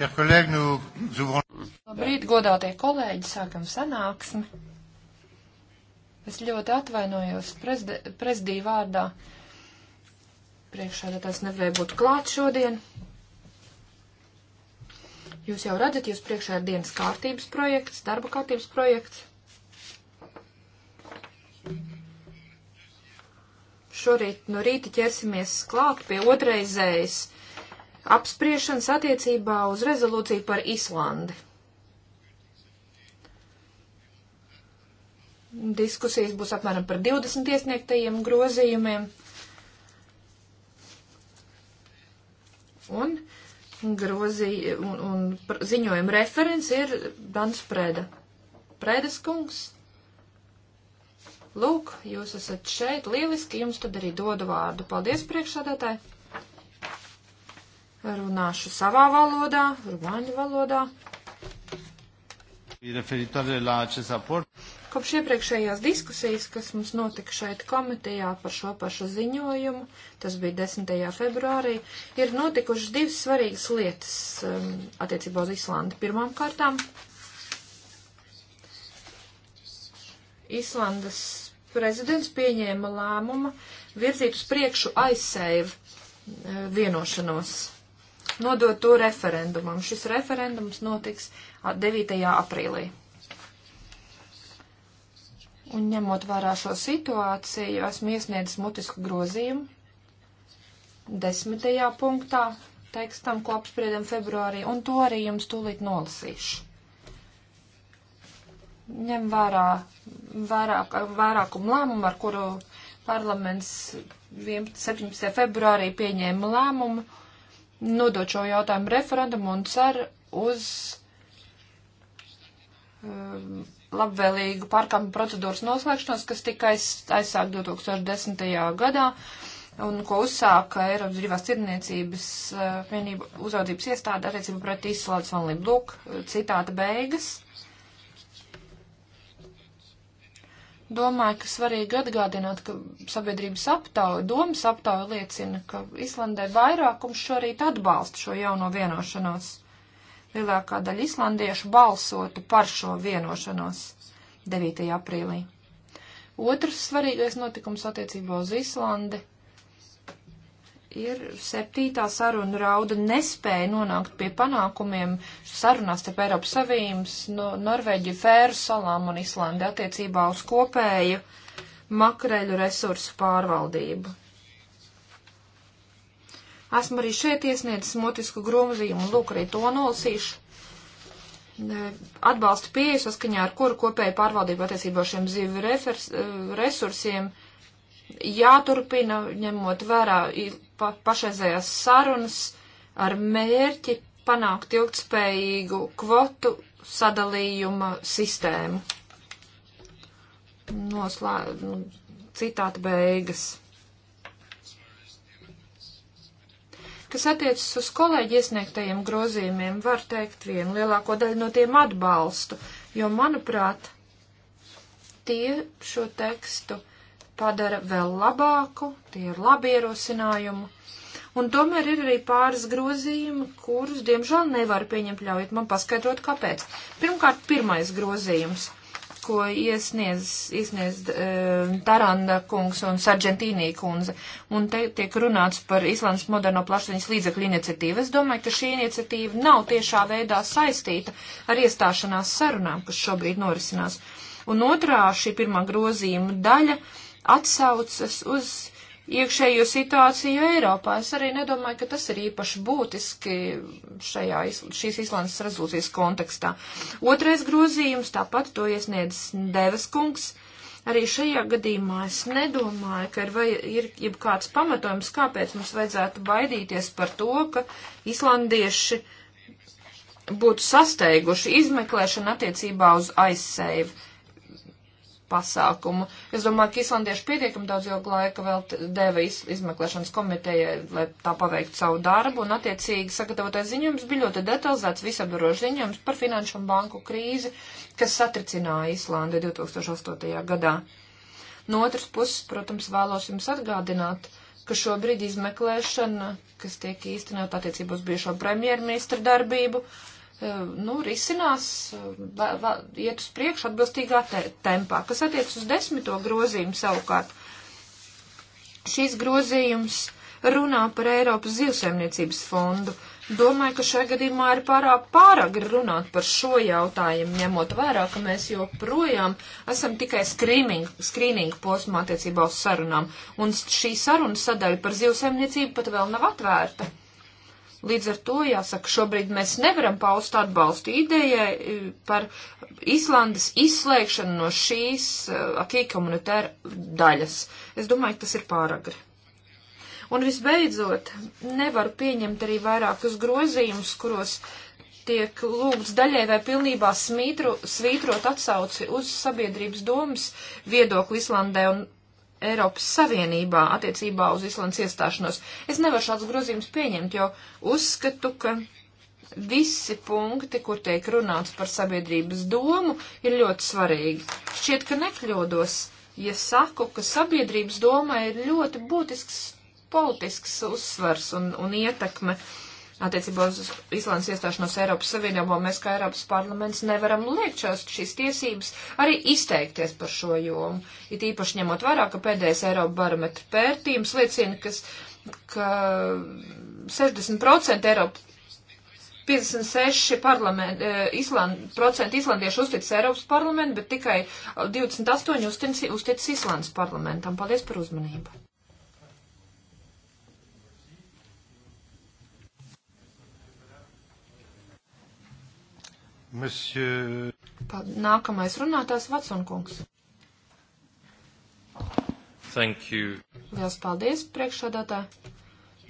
Labrīt, godātie kolēģi, sākam sanāksmi. Es ļoti atvainojos prezidiju vārdā. Priekšādā tās nevarēja būt klāt šodien. Jūs jau redzat, jūs priekšā ir dienas kārtības projekts, darba kārtības projekts. Šorīt no rīta ķersimies klāt pie otrreizējas apspriešanas attiecībā uz rezolūciju par Islandi. Diskusijas būs apmēram par 20 iesniegtajiem grozījumiem. Un, grozī, un, un ziņojuma referents ir Dans Preda. Predes kungs. Lūk, jūs esat šeit, lieliski, jums tad arī dodu vārdu. Paldies priekšsādātāji! Runāšu savā valodā, rumāņu valodā. E Kopš iepriekšējās diskusijas, kas mums notika šeit komitejā par šo pašu ziņojumu, tas bija 10. februārī, ir notikušas divas svarīgas lietas um, attiecībā uz Islandi. Pirmām kārtām Islandas prezidents pieņēma lēmumu virzīt uz priekšu aizsēju uh, vienošanos nodot to referendumam. Šis referendums notiks 9. aprīlī. Un ņemot vērā šo situāciju, esmu iesniedzis mutisku grozījumu desmitajā punktā tekstam, ko apspriedam februārī, un to arī jums tūlīt nolasīšu. Ņem vērā vairāk, vairākumu lēmumu, ar kuru parlaments 17. februārī pieņēma lēmumu nodot šo jautājumu referendumu un cer uz um, labvēlīgu pārkāpumu procedūras noslēgšanos, kas tika aiz, aizsākt 2010. gadā un ko uzsāka Eiropas brīvās cirniecības uh, vienība uzraudzības iestāde attiecībā pret izslēdzu vanlību. Lūk, citāta beigas. Domāju, ka svarīgi atgādināt, ka sabiedrības aptauja, domas aptauja liecina, ka Islandē vairākums šorīt atbalsta šo jauno vienošanos. Lielākā daļa islandiešu balsotu par šo vienošanos 9. aprīlī. Otrs svarīgais notikums attiecībā uz Islandi ir septītā saruna rauda nespēja nonākt pie panākumiem sarunās starp Eiropas Savienības, no Norvēģiju, Fēru salām un Islandi attiecībā uz kopēju makreļu resursu pārvaldību. Esmu arī šeit iesniedzis motisku grozījumu, lūk, arī to nolasīšu. Atbalsta pieeja saskaņā ar kuru kopēju pārvaldību attiecībā šiem zivu refers, eh, resursiem jāturpina ņemot vērā pa, pašreizējās sarunas ar mērķi panākt ilgtspējīgu kvotu sadalījuma sistēmu. Noslē, nu, citāta beigas. Kas attiecas uz kolēģi iesniegtajiem grozījumiem, var teikt vienu lielāko daļu no tiem atbalstu, jo, manuprāt, tie šo tekstu padara vēl labāku, tie ir labi ierosinājumi. Un tomēr ir arī pāris grozījumi, kurus, diemžēl, nevar pieņemt. Ļaujiet man paskaidrot, kāpēc. Pirmkārt, pirmais grozījums, ko iesniedz, iesniedz e, Taranda kungs un Sargentīnī kundze, un te tiek runāts par Islandas moderno plašsaziņas līdzekļu iniciatīvu. Es domāju, ka šī iniciatīva nav tiešā veidā saistīta ar iestāšanās sarunām, kas šobrīd norisinās. Un otrā šī pirmā grozījuma daļa atsaucas uz iekšējo situāciju Eiropā. Es arī nedomāju, ka tas ir īpaši būtiski šajā, šīs Islandes rezolūcijas kontekstā. Otrais grozījums, tāpat to iesniedz Devas kungs. Arī šajā gadījumā es nedomāju, ka ir, vai, ir jeb kāds pamatojums, kāpēc mums vajadzētu baidīties par to, ka islandieši būtu sasteiguši izmeklēšanu attiecībā uz aizsēju pasākumu. Es domāju, ka islandieši pietiekami daudz ilgu laiku vēl deva iz, izmeklēšanas komitejai, lai tā paveiktu savu darbu, un attiecīgi sagatavotais ziņojums bija ļoti detalizēts visapdarošs ziņojums par finanšu un banku krīzi, kas satricināja Islandi 2008. gadā. No otras puses, protams, vēlos jums atgādināt, ka šobrīd izmeklēšana, kas tiek īstenot attiecībos bijušo premjerministra darbību, uh, Um, nu, risinās, um, va, va, iet uz priekšu atbilstīgā te, tempā. Kas attiec uz desmito grozījumu savukārt, šīs grozījums runā par Eiropas zivsaimniecības fondu. Domāju, ka šajā gadījumā ir pārāk pāragri runāt par šo jautājumu, ņemot vērā, ka mēs joprojām esam tikai skrīninga posmā attiecībā uz sarunām, un šī saruna sadaļa par zivsaimniecību pat vēl nav atvērta. Līdz ar to jāsaka, šobrīd mēs nevaram paust atbalstu idejai e, par Islandes izslēgšanu no šīs e, akī komunitēra daļas. Es domāju, tas ir pāragri. Un visbeidzot, nevaru pieņemt arī vairākus grozījumus, kuros tiek lūgts daļai vai pilnībā smītru, svītrot atsauci uz sabiedrības domas viedokli Islandē un Eiropas Savienībā attiecībā uz Islandes iestāšanos. Es nevaru šāds grozījums pieņemt, jo uzskatu, ka visi punkti, kur tiek runāts par sabiedrības domu, ir ļoti svarīgi. Šķiet, ka nekļūdos, ja saku, ka sabiedrības domai ir ļoti būtisks politisks uzsvars un, un ietekme. Uh, attiecībā uz Islandes iestāšanos Eiropas Savienībā, mēs kā Eiropas parlaments nevaram liekt šos, šīs tiesības arī izteikties par šo jomu. It īpaši ņemot vērā, ka pēdējais Eiropa barometra pērtījums liecina, kas, ka 60% Eiropas 56 parlament, e, Island, procenti islandiešu uztic Eiropas parlamentu, bet tikai 28 uztic, uztic Islandes parlamentam. Paldies par uzmanību. Monsieur... Tad nākamais runātājs Vatsonkungs. Thank you. Lielas paldies, priekšsādātā.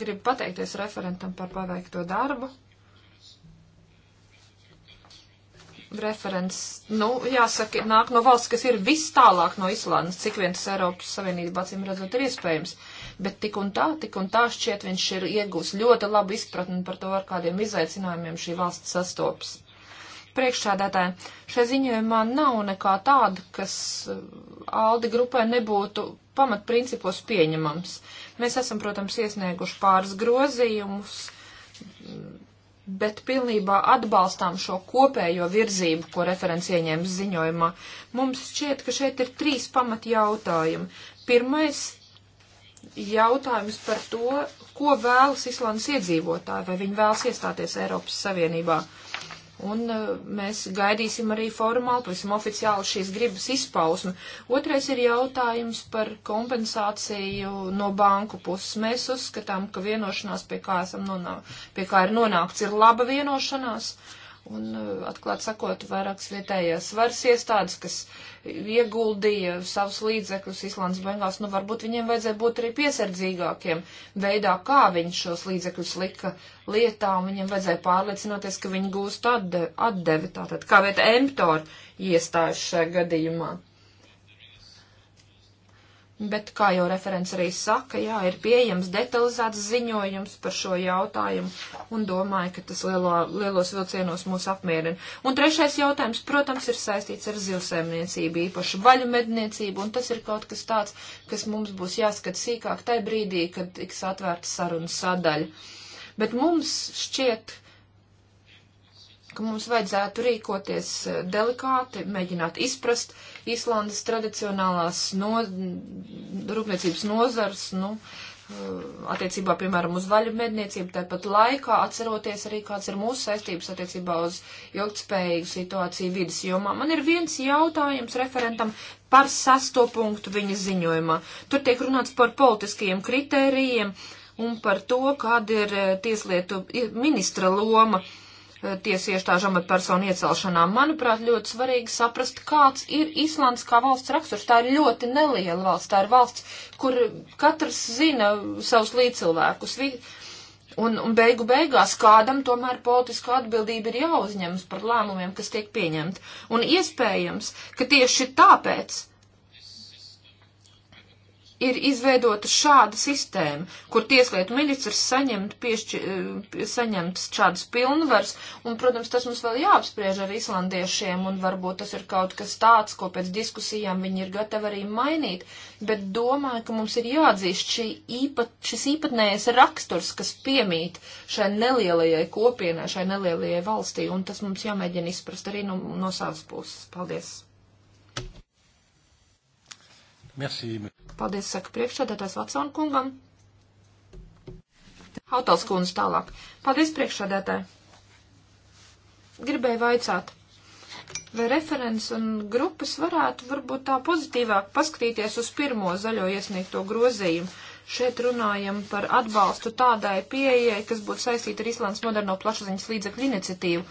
Gribu pateikties referentam par paveikto darbu. Referents, nu, jāsaka, nāk no valsts, kas ir vis tālāk no Islandas, cik vien tas Eiropas Savienībā, acīm redzot, ir iespējams bet tik un tā, tik un tā šķiet viņš ir iegūs ļoti labu izpratni par to, ar kādiem izaicinājumiem šī valsts sastopas priekšsādātājiem. Šai ziņojumā nav nekā tāda, kas eh, Aldi grupai nebūtu pamatprincipos pieņemams. Mēs esam, protams, iesnieguši pāris grozījumus, bet pilnībā atbalstām šo kopējo virzību, ko referents ieņēma ziņojumā. Mums šķiet, ka šeit ir trīs pamat jautājumi. Pirmais jautājums par to, ko vēlas Islandas iedzīvotāji, vai viņi vēlas iestāties Eiropas Savienībā. Uh, Un e, mēs gaidīsim arī formāli, pavisam oficiāli šīs gribas izpausmi. Otrais ir jautājums par kompensāciju no banku puses. Mēs uzskatām, ka vienošanās, pie kā, esam nonā... pie kā ir nonākts, ir laba vienošanās. Uh, Un, eh, atklāt sakot, vairākas vietējās varas iestādes, kas ieguldīja savus līdzekļus Islandas Bengās, nu varbūt viņiem vajadzēja būt arī piesardzīgākiem veidā, kā viņi šos līdzekļus lika lietā, un viņiem vajadzēja pārliecinoties, ka viņi gūst atde atdevi, tātad kā vieta emptor iestājas šajā gadījumā. Bet, kā jau referents arī saka, jā, ir pieejams detalizēts ziņojums par šo jautājumu un domāju, ka tas lielo, lielos vilcienos mūs apmierina. Un trešais jautājums, protams, ir saistīts ar zilsēmniecību, īpaši vaļu medniecību, un tas ir kaut kas tāds, kas mums būs jāskat sīkāk tajā brīdī, kad tiks atvērta saruna sadaļa. Bet mums šķiet, ka mums vajadzētu rīkoties eh, delikāti, mēģināt izprast Īslandes tradicionālās no, rūpniecības nozars, nu, eh, attiecībā, piemēram, uz vaļu medniecību, tāpat laikā atceroties arī, kāds ir mūsu saistības attiecībā uz ilgtspējīgu situāciju vidas jomā. Man ir viens jautājums referentam par sasto punktu viņa ziņojumā. Tur tiek runāts par politiskajiem kritērijiem un par to, kāda ir eh, tieslietu ministra loma. Uh, tiesu iestāžu amatpersonu iecelšanām. Manuprāt, ļoti svarīgi saprast, kāds ir Īslands kā valsts raksturs. Tā ir ļoti neliela valsts. Tā ir valsts, kur katrs zina savus līdzcilvēkus. Un, un beigu beigās kādam tomēr politiska atbildība ir jāuzņemas par lēmumiem, kas tiek pieņemti. Un iespējams, ka tieši tāpēc ir izveidota šāda sistēma, kur tieslietu ministrs saņemt, piešķi, eh, saņemt šādas pilnvars, un, protams, tas mums vēl jāapspriež ar islandiešiem, un varbūt tas ir kaut kas tāds, ko pēc diskusijām viņi ir gatavi arī mainīt, bet domāju, ka mums ir jāatzīst šī īpat, šis īpatnējais raksturs, kas piemīt šai nelielajai kopienai, šai nelielajai valstī, un tas mums jāmēģina izprast arī no, no savas puses. Paldies! Merci. Paldies, saka priekšsēdētājs Vatsona kungam. Hautals kundze tālāk. Paldies, priekšsēdētāji. Gribēju vaicāt, vai referents un grupas varētu varbūt tā pozitīvāk paskatīties uz pirmo zaļo iesniegto grozījumu Šeit runājam par atbalstu tādai pieejai, kas būtu saistīta ar Islandas moderno plašsaziņas līdzekļu iniciatīvu.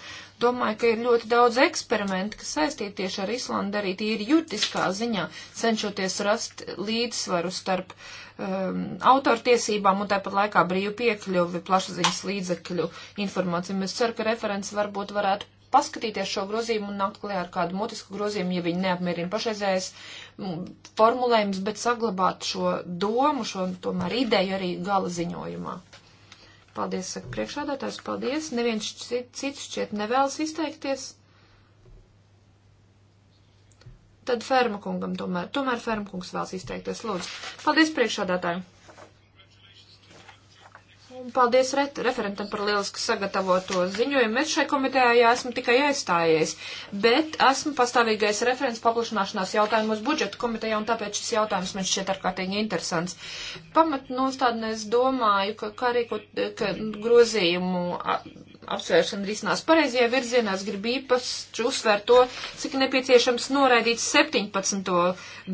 Domāju, ka ir ļoti daudz eksperimentu, kas saistīti tieši ar Islandu, arī tīri juridiskā ziņā, cenšoties rast līdzsvaru starp um, autortiesībām un tāpat laikā brīvu piekļuvi plašsaziņas līdzekļu informācijām. Es ceru, ka referents varbūt varētu paskatīties šo grozījumu un nākt klajā ar kādu mutisku grozījumu, ja viņi neapmierina pašreizējais Nu, formulējums, bet saglabāt šo domu, šo tomēr ideju arī gala ziņojumā. Paldies, saka priekšādātājs, paldies. Neviens cits šķiet nevēlas izteikties. Tad ferma kungam tomēr, tomēr ferma kungs vēlas izteikties, lūdzu. Paldies priekšādātājiem! Paldies re referentam par lielisku sagatavoto ziņojumu. Es šai komitejā jau esmu tikai aizstājies, bet esmu pastāvīgais referents paplašanāšanās jautājumos budžeta komitejā, un tāpēc šis jautājums man šķiet ārkārtīgi interesants. Pamatnostādnē es domāju, ka, ka arī ka, ka grozījumu apsvēršana risinās pareizajā virzienā. Es gribu īpaši uzsvērt to, cik nepieciešams noraidīt 17.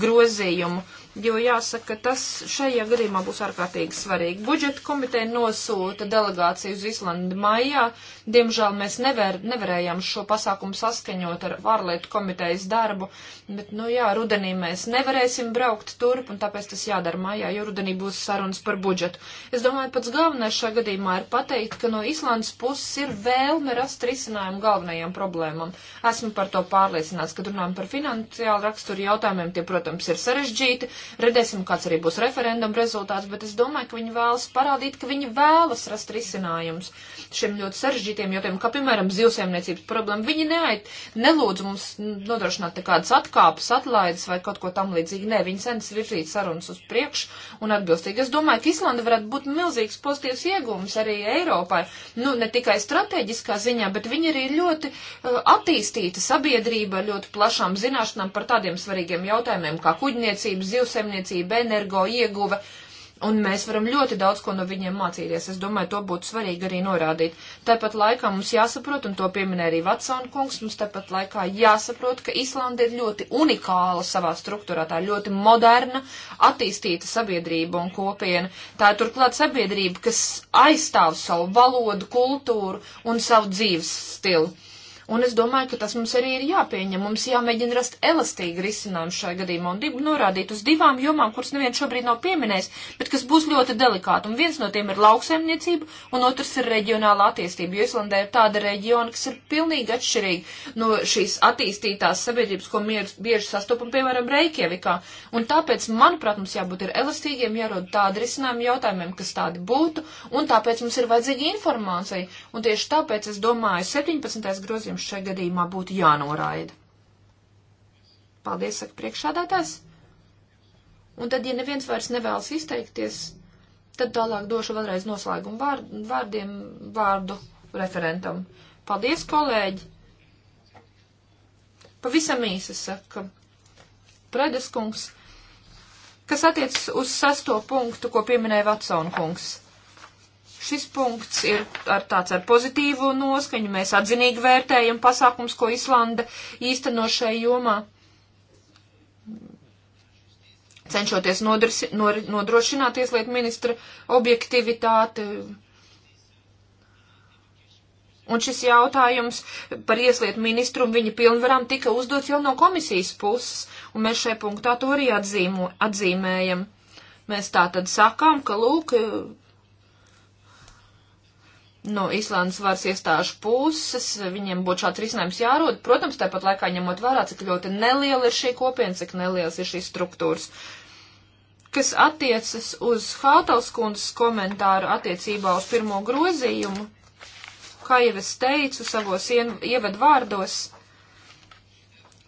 grozījumu jo jāsaka, tas šajā gadījumā būs ārkārtīgi svarīgi. Budžeta komiteja nosūta delegāciju uz Islandi maijā. Diemžēl mēs nevar, nevarējām šo pasākumu saskaņot ar ārlietu komitejas darbu, bet, nu jā, rudenī mēs nevarēsim braukt turp, un tāpēc tas jādara maijā, jo rudenī būs sarunas par budžetu. Es domāju, pats galvenais šajā gadījumā ir pateikt, ka no Islandas puses ir vēlme rast risinājumu galvenajām problēmām. Esmu par to pārliecināts, kad runājam par finansiālu raksturu jautājumiem, tie, protams, ir sarežģīti Redzēsim, kāds arī būs referenduma rezultāts, bet es domāju, ka viņi vēlas parādīt, ka viņi vēlas rast risinājumus šiem ļoti sarežģītiem jautājumiem, kā piemēram zivsēmniecības problēma. Viņi neait, nelūdz mums nodrošināt kādas atkāpes, atlaides vai kaut ko tam līdzīgi. Nē, viņi cenas virzīt sarunas uz priekšu un atbilstīgi. Es domāju, ka Islanda varētu būt milzīgs pozitīvs iegūms arī Eiropai. Nu, ne tikai strateģiskā ziņā, bet viņi arī ļoti uh, attīstīta sabiedrība ar ļoti plašām zināšanām par tādiem svarīgiem jautājumiem kā kuģniecības, zivs lauksaimniecība, energo ieguve. Un mēs varam ļoti daudz ko no viņiem mācīties. Es domāju, to būtu svarīgi arī norādīt. Tāpat laikā mums jāsaprot, un to pieminēja arī Vatsona kungs, mums tāpat laikā jāsaprot, ka Islanda ir ļoti unikāla savā struktūrā, tā ir ļoti moderna, attīstīta sabiedrība un kopiena. Tā ir turklāt sabiedrība, kas aizstāv savu valodu, kultūru un savu dzīves stilu. Un es domāju, ka tas mums arī ir jāpieņem. Mums jāmēģina rast elastīgi risinājumu šai gadījumā un norādīt uz divām jomām, kuras neviens šobrīd nav pieminējis, bet kas būs ļoti delikāti. Un viens no tiem ir lauksaimniecība, un otrs ir reģionāla attīstība. Jo Islandē ir tāda reģiona, kas ir pilnīgi atšķirīga no šīs attīstītās sabiedrības, ko mēs bieži sastopam, piemēram, Reikjavikā. Un tāpēc, manuprāt, mums jābūt ir elastīgiem, jārod tādi risinājumi jautājumiem, kas tādi būtu, un tāpēc mums ir vajadzīga informācija. Un tieši tāpēc es domāju, 17. grozījums grozījums šajā gadījumā būtu jānoraida. Paldies, saka priekšādātājs. Un tad, ja neviens vairs nevēlas izteikties, tad tālāk došu vēlreiz noslēgumu vārd, vārdiem vārdu referentam. Paldies, kolēģi! Pavisam īsi saka Predeskungs, kas attiecas uz sasto punktu, ko pieminēja Vatsona kungs. Šis punkts ir ar tāds ar pozitīvu noskaņu. Mēs atzinīgi vērtējam pasākums, ko Islanda īsteno šai jomā, cenšoties nodrsi, nor, nodrošināt ieslietu ministra objektivitāti. Un šis jautājums par ieslietu ministru un viņa pilnvarām tika uzdots jau no komisijas puses, un mēs šai punktā to arī atzīmo, atzīmējam. Mēs tā tad sakām, ka, lūk, no Islandes varas iestāžu puses, viņiem būtu šāds risinājums jārod. Protams, tāpat laikā ņemot vērā, cik ļoti neliela ir šī kopiena, cik nelielas ir šīs struktūras. Kas attiecas uz Hautelskundas komentāru attiecībā uz pirmo grozījumu, kā jau es teicu savos ievadvārdos,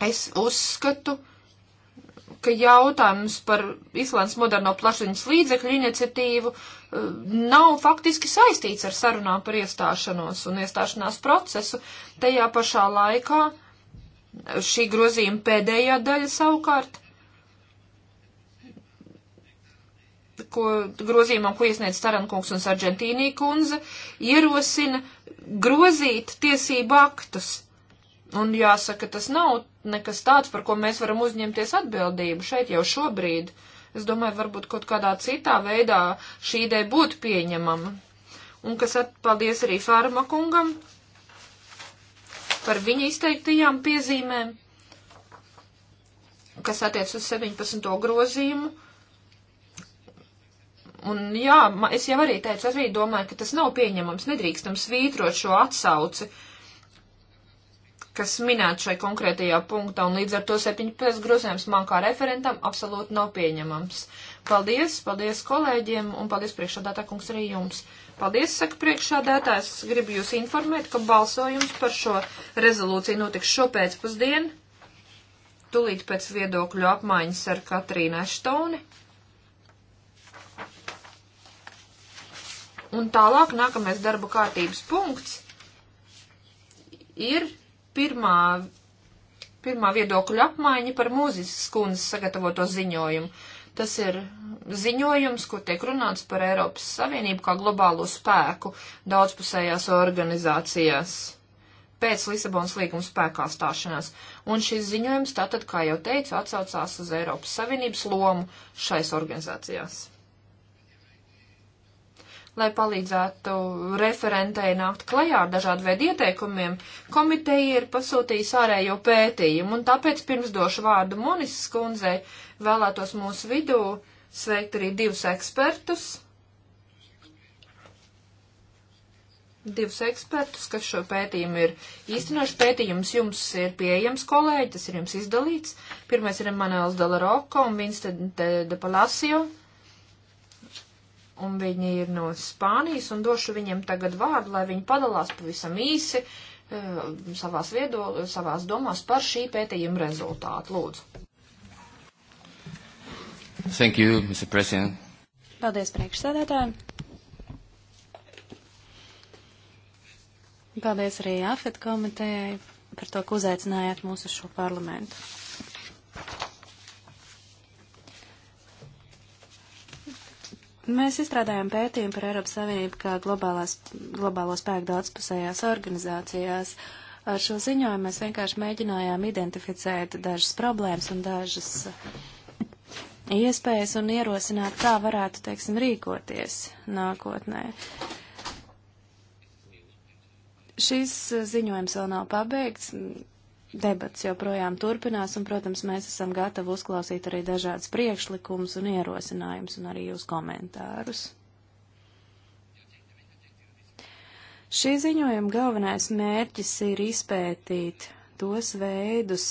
es uzskatu, ka jautājums par Islandes moderno plašiņas līdzekļu iniciatīvu eh, nav faktiski saistīts ar sarunām par iestāšanos un iestāšanās procesu. Tajā pašā laikā eh, šī grozījuma pēdējā daļa savukārt, ko grozījumam, ko iesniedz Tarankungs un Sargentīnī kundze, ierosina grozīt tiesību aktus. Un jāsaka, tas nav nekas tāds, par ko mēs varam uzņemties atbildību šeit jau šobrīd. Es domāju, varbūt kaut kādā citā veidā šī ideja būtu pieņemama. Un kas atpaldies arī Fārma kungam par viņa izteiktajām piezīmēm, kas attiec uz 17. grozījumu. Un jā, es jau arī teicu, arī domāju, ka tas nav pieņemams, nedrīkstam svītrot šo atsauci. Uh, kas minēts šai konkrētajā punktā, un līdz ar to 7.5 grozījums man kā referentam absolūti nav pieņemams. Paldies, paldies kolēģiem, un paldies priekšādātā kungs arī jums. Paldies, saka priekšādātājs, gribu jūs informēt, ka balsojums par šo rezolūciju notiks šopēcpusdien, tulīt pēc viedokļu apmaiņas ar Katrīnu Eštoni. Un tālāk nākamais darba kārtības punkts ir pirmā, pirmā viedokļa apmaiņa par mūzijas skundas sagatavoto ziņojumu. Tas ir ziņojums, kur tiek runāts par Eiropas Savienību kā globālo spēku daudzpusējās organizācijās pēc Lisabonas līguma spēkā stāšanās. Un šis ziņojums tātad, kā jau teicu, atsaucās uz Eiropas Savienības lomu šais organizācijās lai palīdzētu referentei nākt klajā ar dažādu veidu ieteikumiem, komiteja ir pasūtījusi ārējo pētījumu, un tāpēc pirms došu vārdu Monis skundzei vēlētos mūsu vidū sveikt arī divus ekspertus. Divus ekspertus, kas šo pētījumu ir īstenojuši. Pētījums jums ir pieejams, kolēģi, tas ir jums izdalīts. Pirmais ir Emanuels Delaroko un Vincent de, de Palacio. De un viņi ir no Spānijas, un došu viņiem tagad vārdu, lai viņi padalās pavisam īsi eh, savās, viedo, savās domās par šī pētījuma rezultātu. Lūdzu. Thank you, Mr. President. Paldies, priekšsēdētāji. Paldies arī AFET komitejai par to, ka uzaicinājāt mūsu šo parlamentu. Mēs izstrādājam pētījumu par Eiropas Savienību kā globālās, globālo spēku daudzpusējās organizācijās. Ar šo ziņojumu mēs vienkārši mēģinājām identificēt dažas problēmas un dažas iespējas un ierosināt, kā varētu, teiksim, rīkoties nākotnē. Šis ziņojums vēl nav pabeigts, debats joprojām turpinās, un, protams, mēs esam gatavi uzklausīt arī dažādas priekšlikumus un ierosinājumus un arī jūs komentārus. Šī ziņojuma galvenais mērķis ir izpētīt tos veidus,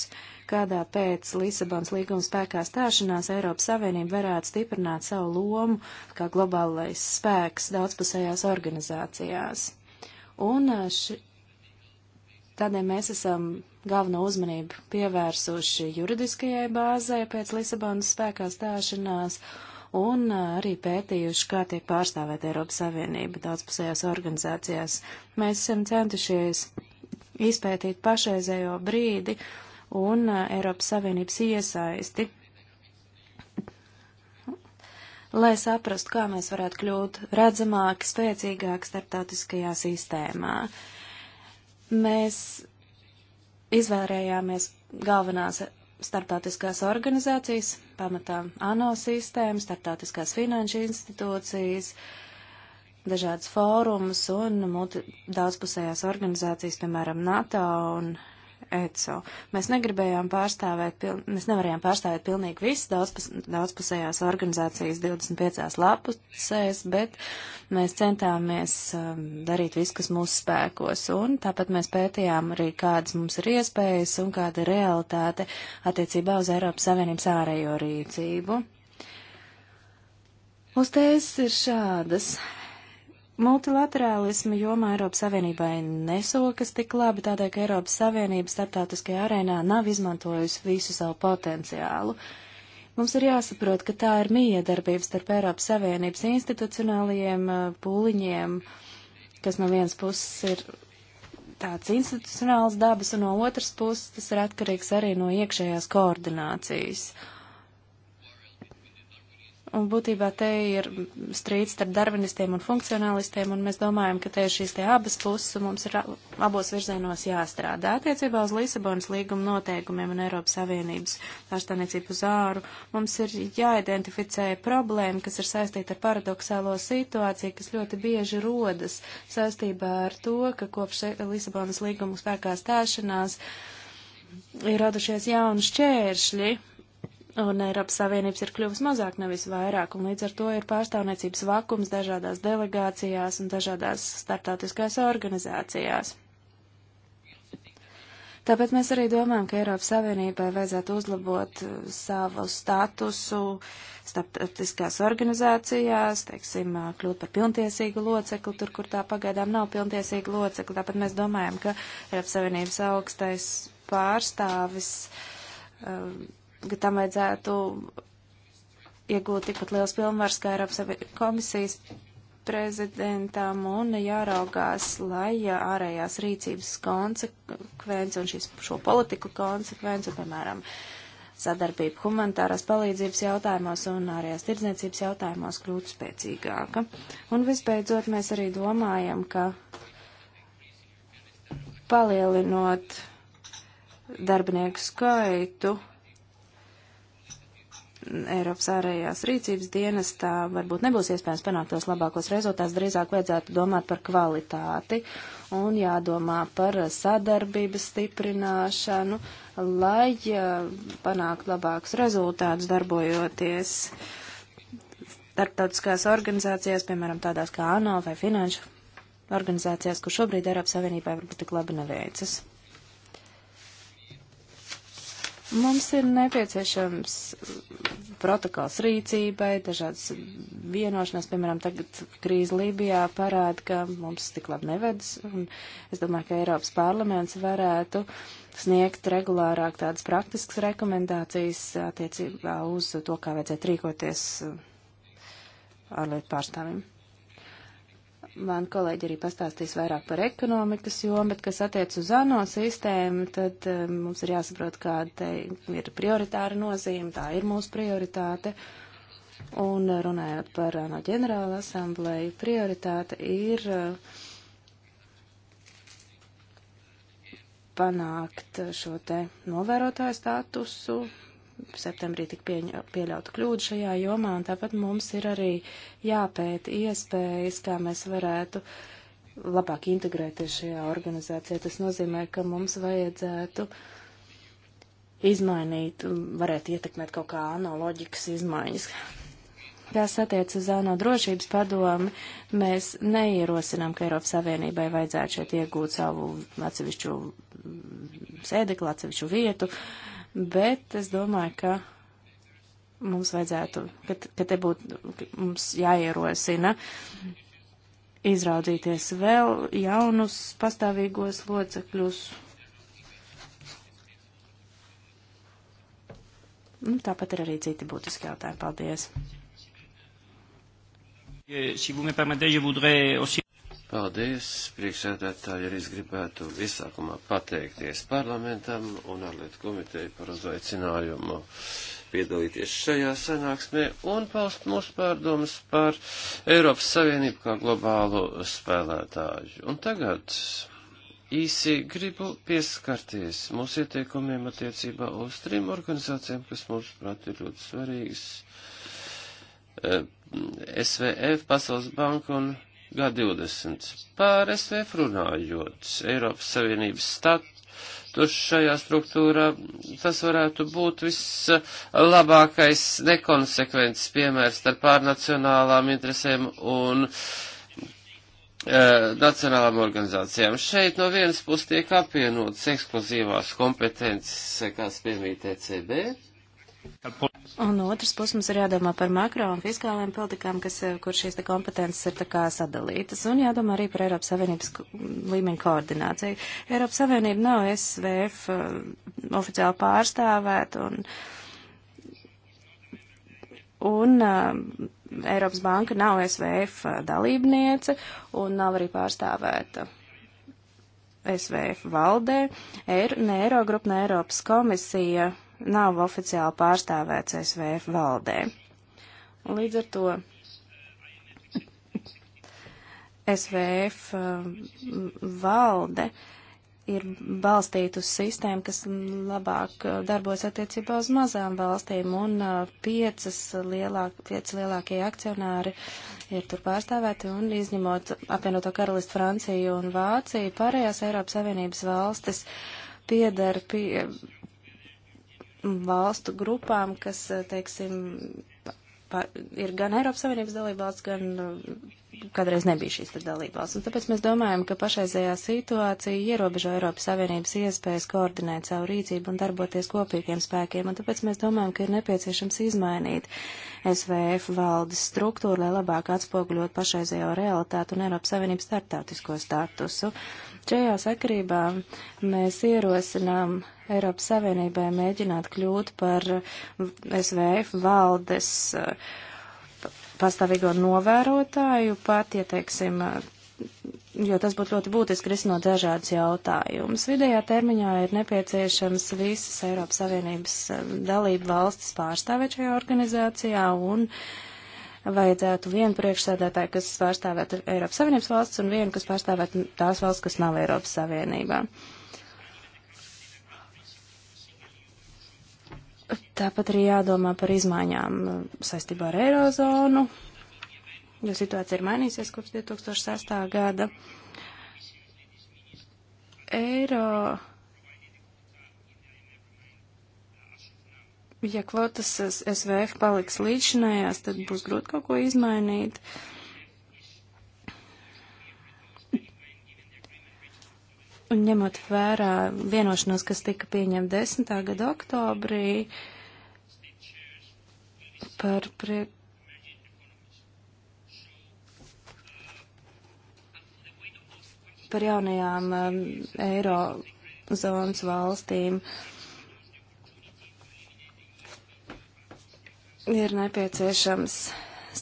kādā pēc Lisabons līguma spēkā stāšanās Eiropas Savienība varētu stiprināt savu lomu kā globālais spēks daudzpusējās organizācijās. Un š... tādēļ mēs esam galveno uzmanību pievērsuši juridiskajai bāzē pēc Lisabonas spēkā stāšanās un arī pētījuši, kā tiek pārstāvēta Eiropas Savienība daudzpusējās organizācijās. Mēs esam centušies izpētīt pašreizējo brīdi un Eiropas Savienības iesaisti, lai saprastu, kā mēs varētu kļūt redzamāki, spēcīgāki starptautiskajā sistēmā. Mēs izvērējāmies galvenās starptautiskās organizācijas, pamatā ANO sistēma, starptautiskās finanšu institūcijas, dažādas fórumus un multi, daudzpusējās organizācijas, piemēram, NATO un ECO. Mēs negribējām pārstāvēt, mēs nevarējām pārstāvēt pilnīgi visas daudzpus, daudzpusējās organizācijas 25 lapusēs, bet mēs centāmies um, darīt visu, kas mūsu spēkos, un tāpat mēs pētījām arī, kādas mums ir iespējas un kāda ir realitāte attiecībā uz Eiropas Savienības ārējo rīcību. Uz tēzes ir šādas. Multilaterālisma jomā Eiropas Savienībai nesokas tik labi, tādēļ, ka Eiropas Savienība starptautiskajā arēnā nav izmantojusi visu savu potenciālu. Mums ir jāsaprot, ka tā ir miedarbība starp Eiropas Savienības institucionālajiem uh, pūliņiem, kas no vienas puses ir tāds institucionāls dabas, un no otras puses tas ir atkarīgs arī no iekšējās koordinācijas. Uh, Un būtībā te ir strīds starp darvinistiem un funkcionālistiem, un mēs domājam, ka te ir šīs te abas puses, un mums ir abos virzienos jāstrādā. Attiecībā uz Lisabonas līguma noteikumiem un Eiropas Savienības ārstāniecību uz āru mums ir jāidentificē problēma, kas ir saistīta ar paradoxālo situāciju, kas ļoti bieži rodas saistībā ar to, ka kopš Lisabonas līguma spēkā stāšanās ir radušies jauni šķēršļi Un Eiropas Savienības ir kļuvusi mazāk, nevis vairāk, un līdz ar to ir pārstāvniecības vakums dažādās delegācijās un dažādās starptautiskās organizācijās. Tāpēc mēs arī domājam, ka Eiropas Savienībai vajadzētu uzlabot uh, savu statusu starptautiskās organizācijās, teiksim, uh, kļūt par pilntiesīgu locekli, tur, kur tā pagaidām nav pilntiesīga locekli. Tāpat mēs domājam, ka Eiropas Savienības augstais pārstāvis um, ka tam vajadzētu iegūt tikpat liels pilnvars kā Eiropas komisijas prezidentam un jāraugās, lai ārējās rīcības konsekvence un šis, šo politiku konsekvence, piemēram, sadarbība humanitārās palīdzības jautājumos un ārējās tirdzniecības jautājumos kļūtu spēcīgāka. Un visbeidzot, mēs arī domājam, ka palielinot darbinieku skaitu, Eiropas ārējās rīcības dienestā varbūt nebūs iespējams panākt tos labākos rezultātus, drīzāk vajadzētu domāt par kvalitāti un jādomā par sadarbības stiprināšanu, lai panāktu labākus rezultātus darbojoties starptautiskās organizācijās, piemēram, tādās kā ANO vai Finanšu organizācijās, kur šobrīd Eiropas Savienībai varbūt tik labi neveicas. Mums ir nepieciešams protokols rīcībai, dažādas vienošanās, piemēram, tagad krīze Lībijā parāda, ka mums tik labi nevedas, un es domāju, ka Eiropas parlaments varētu sniegt regulārāk tādas praktiskas rekomendācijas attiecībā uz to, kā vajadzētu rīkoties uh, ārlietu pārstāvim. Man kolēģi arī pastāstīs vairāk par ekonomikas jomu, bet kas attiec uz ANO sistēmu, tad um, mums ir jāsaprot, kāda ir prioritāra nozīme, tā ir mūsu prioritāte. Un runājot par ANO ģenerāla asamblēju, prioritāte ir uh, panākt šo te novērotāju statusu, septembrī tik pieņa, pieļauta kļūda šajā jomā, un tāpat mums ir arī jāpēta iespējas, kā mēs varētu labāk integrēties šajā organizācijā. Tas nozīmē, ka mums vajadzētu izmainīt, varētu ietekmēt kaut kā analoģikas izmaiņas. Kas attiec uz ANO drošības padomi, mēs neierosinām, ka Eiropas Savienībai vajadzētu šeit iegūt savu atsevišķu sēdekli, atsevišķu vietu. Uh, bet es domāju, ka mums vajadzētu, ka, ka te būtu, ka mums jāierosina izraudzīties vēl jaunus pastāvīgos locekļus. Nu, tāpat ir arī citi būtiski jautājumi. Paldies! Eh, si vous me permettez, je voudrais aussi... Paldies, priekšsēdētāji, arī es gribētu visākumā pateikties parlamentam un ārlietu komiteju par uzaicinājumu piedalīties šajā sanāksmē un paust mūsu pārdomas par Eiropas Savienību kā globālu spēlētāju. Un tagad īsi gribu pieskarties mūsu ieteikumiem attiecībā uz trim organizācijām, kas mums, prāt, ir ļoti svarīgas. Eh, SVF, Pasaules banka un G20 pār SVF runājot, Eiropas Savienības status šajā struktūrā, tas varētu būt vislabākais nekonsekvences piemērs ar pārnacionālām interesēm un eh, nacionālām organizācijām. Šeit no vienas puses tiek apvienotas ekskluzīvās kompetences, eh, kas piemīt ECB, Un no otrs puses mums ir jādomā par makro un fiskālajām politikām, kas, eh, kur šīs te kompetences ir tā kā sadalītas, un jādomā arī par Eiropas Savienības līmeņu koordināciju. Eiropas Savienība nav SVF uh, eh, oficiāli pārstāvēt, un, un uh, Eiropas Banka nav SVF dalībniece, un nav arī pārstāvēta. SVF valdē, Eir, ne Eirogrupa, ne Eiropas komisija nav oficiāli pārstāvēts SVF valdē. Līdz ar to SVF um, valde ir balstīta uz sistēmu, kas labāk uh, darbojas attiecībā uz mazām valstīm, un uh, piecas lielāk, piec lielākie akcionāri ir tur pārstāvēti, un izņemot apvienoto karalistu Franciju un Vāciju, pārējās Eiropas Savienības valstis piedara pie valstu grupām, kas, eh, teiksim, pa, ir gan Eiropas Savienības dalībvalsts, gan eh, kādreiz nebija šīs dalībvalsts. Un tāpēc mēs domājam, ka pašreizējā situācija ierobežo Eiropas Savienības iespējas koordinēt savu rīcību un darboties kopīgiem spēkiem. Un tāpēc mēs domājam, ka ir nepieciešams izmainīt SVF valdes struktūru, lai labāk atspoguļot pašreizējo realitātu un Eiropas Savienības startautisko statusu. Šajā sakarībā mēs ierosinām Eiropas Savienībai mēģināt kļūt par SVF valdes uh, pastāvīgo novērotāju pat, ja teiksim, jo tas būtu ļoti būtiski risinot dažādus jautājumus. Vidējā termiņā ir nepieciešams visas Eiropas Savienības eh, dalību valstis pārstāvēt šajā organizācijā un vajadzētu vienu priekšsēdētāju, kas pārstāvētu Eiropas Savienības valsts un vienu, kas pārstāvētu tās valsts, kas nav Eiropas Savienībā. Uh, Tāpat arī jādomā par izmaiņām saistībā ar Eirozonu, jo situācija ir mainīsies kopš 2006. gada. Eiro ja kvotas SVF paliks līdzinājās, tad būs grūti kaut ko izmainīt. Uh, Un ņemot vērā vienošanos, kas tika pieņemta 10. gada oktobrī par prie... par jaunajām um, eirozonas valstīm ir nepieciešams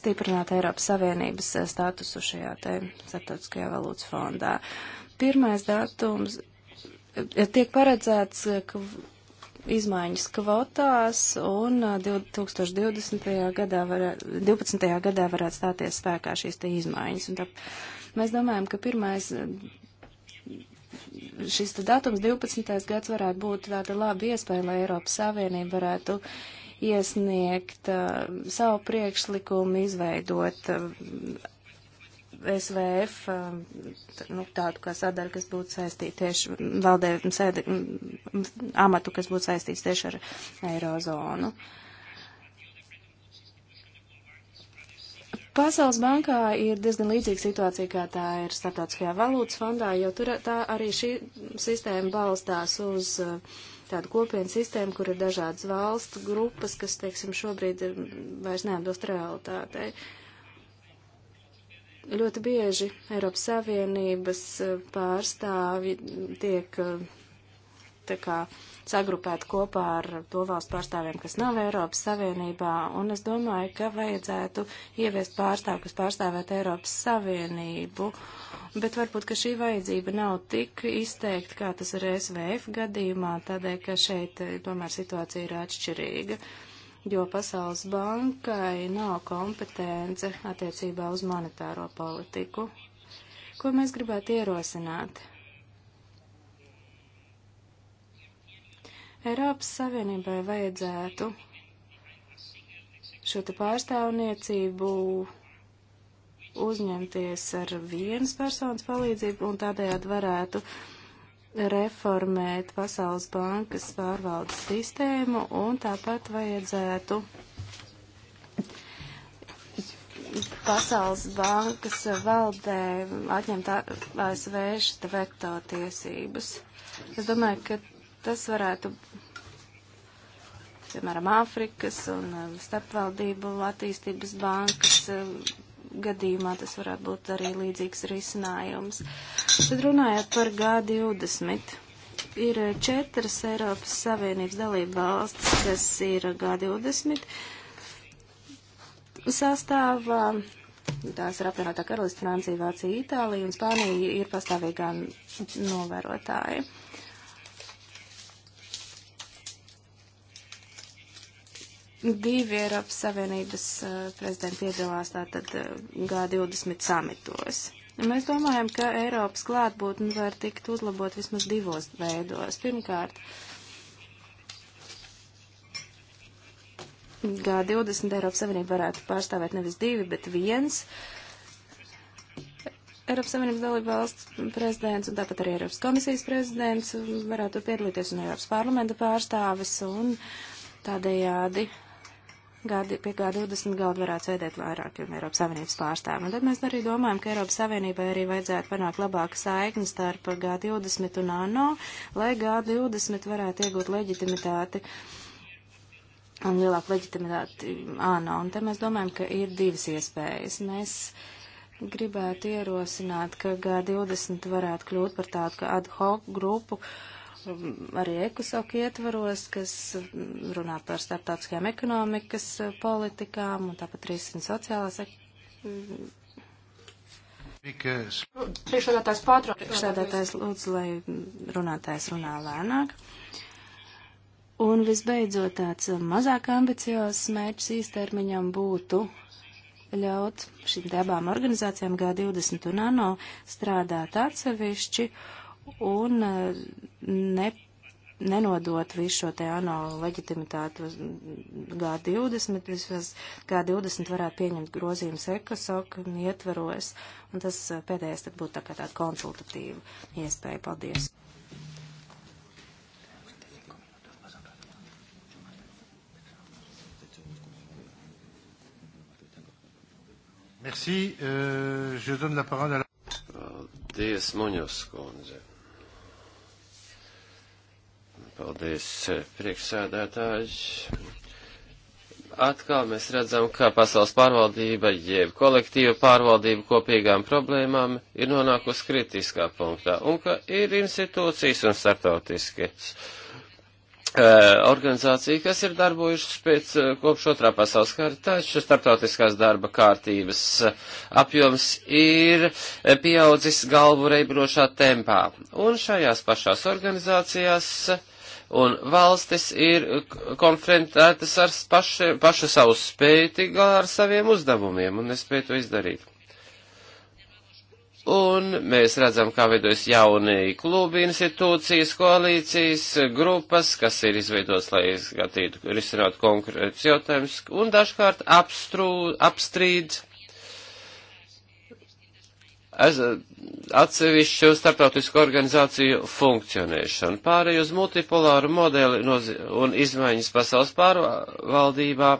stiprināt Eiropas Savienības uh, statusu šajā te starptautiskajā valūtas fondā. Uh, Pirmais datums tiek paredzēts eh, ka izmaiņas kvotās un 2020. Eh, gadā, varē, 12. gadā varētu stāties spēkā šīs te izmaiņas. Un tā, mēs domājam, ka pirmais eh, šis datums 12. gads varētu būt tāda laba iespēja, lai Eiropas Savienība varētu iesniegt uh, savu priekšlikumu, izveidot uh, SVF, um, nu, tādu kā sadaļu, kas būtu saistīta tieši valdē, sēde, amatu, kas būtu saistīts tieši ar Eirozonu. Pasaules bankā ir diezgan līdzīga situācija, kā tā ir starptautiskajā valūtas fondā, jo tur tā arī šī sistēma balstās uz uh, tādu kopienu sistēmu, kur ir dažādas valstu grupas, kas, teiksim, šobrīd um, vairs neatbilst realitātei. Uh, Ļoti bieži Eiropas Savienības eh, pārstāvji tiek eh, tā kā sagrupēt kopā ar to valstu pārstāvjiem, kas nav Eiropas Savienībā, un es domāju, ka vajadzētu ieviest pārstāvu, kas pārstāvētu Eiropas Savienību, bet varbūt, ka šī vajadzība nav tik izteikta, kā tas ir SVF gadījumā, tādēļ, ka šeit eh, tomēr situācija ir atšķirīga. Uh, jo Pasaules bankai nav kompetence attiecībā uz monetāro politiku. Ko mēs gribētu ierosināt? Eiropas Savienībai vajadzētu šo te pārstāvniecību uzņemties ar vienas personas palīdzību un tādējādi varētu uh, reformēt Pasaules bankas pārvaldes sistēmu un tāpat vajadzētu Pasaules bankas valdē atņemt ASV šita veto tiesības. Es domāju, ka tas varētu, piemēram, Āfrikas un um, starpvaldību attīstības bankas um, gadījumā tas varētu būt arī līdzīgs risinājums. Tad runājot par G20. Ir četras Eiropas Savienības dalība valstis, kas ir G20 sastāvā. Tās ir apvienotā karalista, Francija, Vācija, Itālija un Spānija ir pastāvīgā novērotāja. Divi Eiropas Savienības eh, prezidenti piedalās tātad eh, G20 samitos. Mēs domājam, ka Eiropas klātbūtne var tikt uzlabot vismaz divos veidos. Pirmkārt, G20 Eiropas Savienība varētu pārstāvēt nevis divi, bet viens. Eiropas Savienības dalībvalsts prezidents un tāpat arī Eiropas komisijas prezidents varētu piedalīties un Eiropas parlamenta pārstāvis un tādējādi gadi, pie G20 galda varētu sēdēt vairākiem Eiropas Savienības pārstāvjiem. Un tad mēs arī domājam, ka Eiropas Savienībai arī vajadzētu panākt labāku saikni starp G20 un ANO, lai G20 varētu iegūt leģitimitāti un lielāku leģitimitāti ANO. Un te mēs domājam, ka ir divas iespējas. Mēs gribētu ierosināt, ka G20 varētu kļūt par tādu ad hoc grupu, uh, arī ekosoku ietvaros, kas runā par starptautiskajām ekonomikas eh, politikām un tāpat risina sociālās. Nu, priekšsēdētājs pārtrauc. Priekšsēdētājs lūdzu, lai runātājs runā lēnāk. Un visbeidzot tāds mazāk ambiciozs mērķis īstermiņam būtu ļaut šīm debām organizācijām G20 un ANO strādāt atsevišķi un eh, ne, nenodot visu šo te ANO leģitimitātu G20, vismaz G20 varētu pieņemt grozījumus ekosok un ietveros, un tas eh, pēdējais tad būtu tā kā tāda konsultatīva iespēja. Paldies! Merci. Euh, je donne la parole à la... Paldies, Muņos kundze. Paldies, priekšsēdētāji. Atkal mēs redzam, ka pasaules pārvaldība, jeb kolektīva pārvaldība kopīgām problēmām ir nonākusi kritiskā punktā, un ka ir institūcijas un startautiskas eh, organizācija, kas ir darbojušas pēc eh, kopš otrā pasaules kara, taču starptautiskās darba kārtības eh, apjoms ir pieaudzis galvu reibrošā tempā. Un šajās pašās organizācijās uh, un valstis ir konfrontētas ar paši, pašu savu spēju tik galā ar saviem uzdevumiem un nespēju to izdarīt. Un mēs redzam, kā veidojas jaunie klubi, institūcijas, koalīcijas, grupas, kas ir izveidotas, lai izskatītu, risinātu konkrētus jautājumus, un dažkārt apstrū, apstrīd atsevišķu starptautisku organizāciju funkcionēšanu. Pārēj uz multipolāru modeli un izmaiņas pasaules pārvaldībā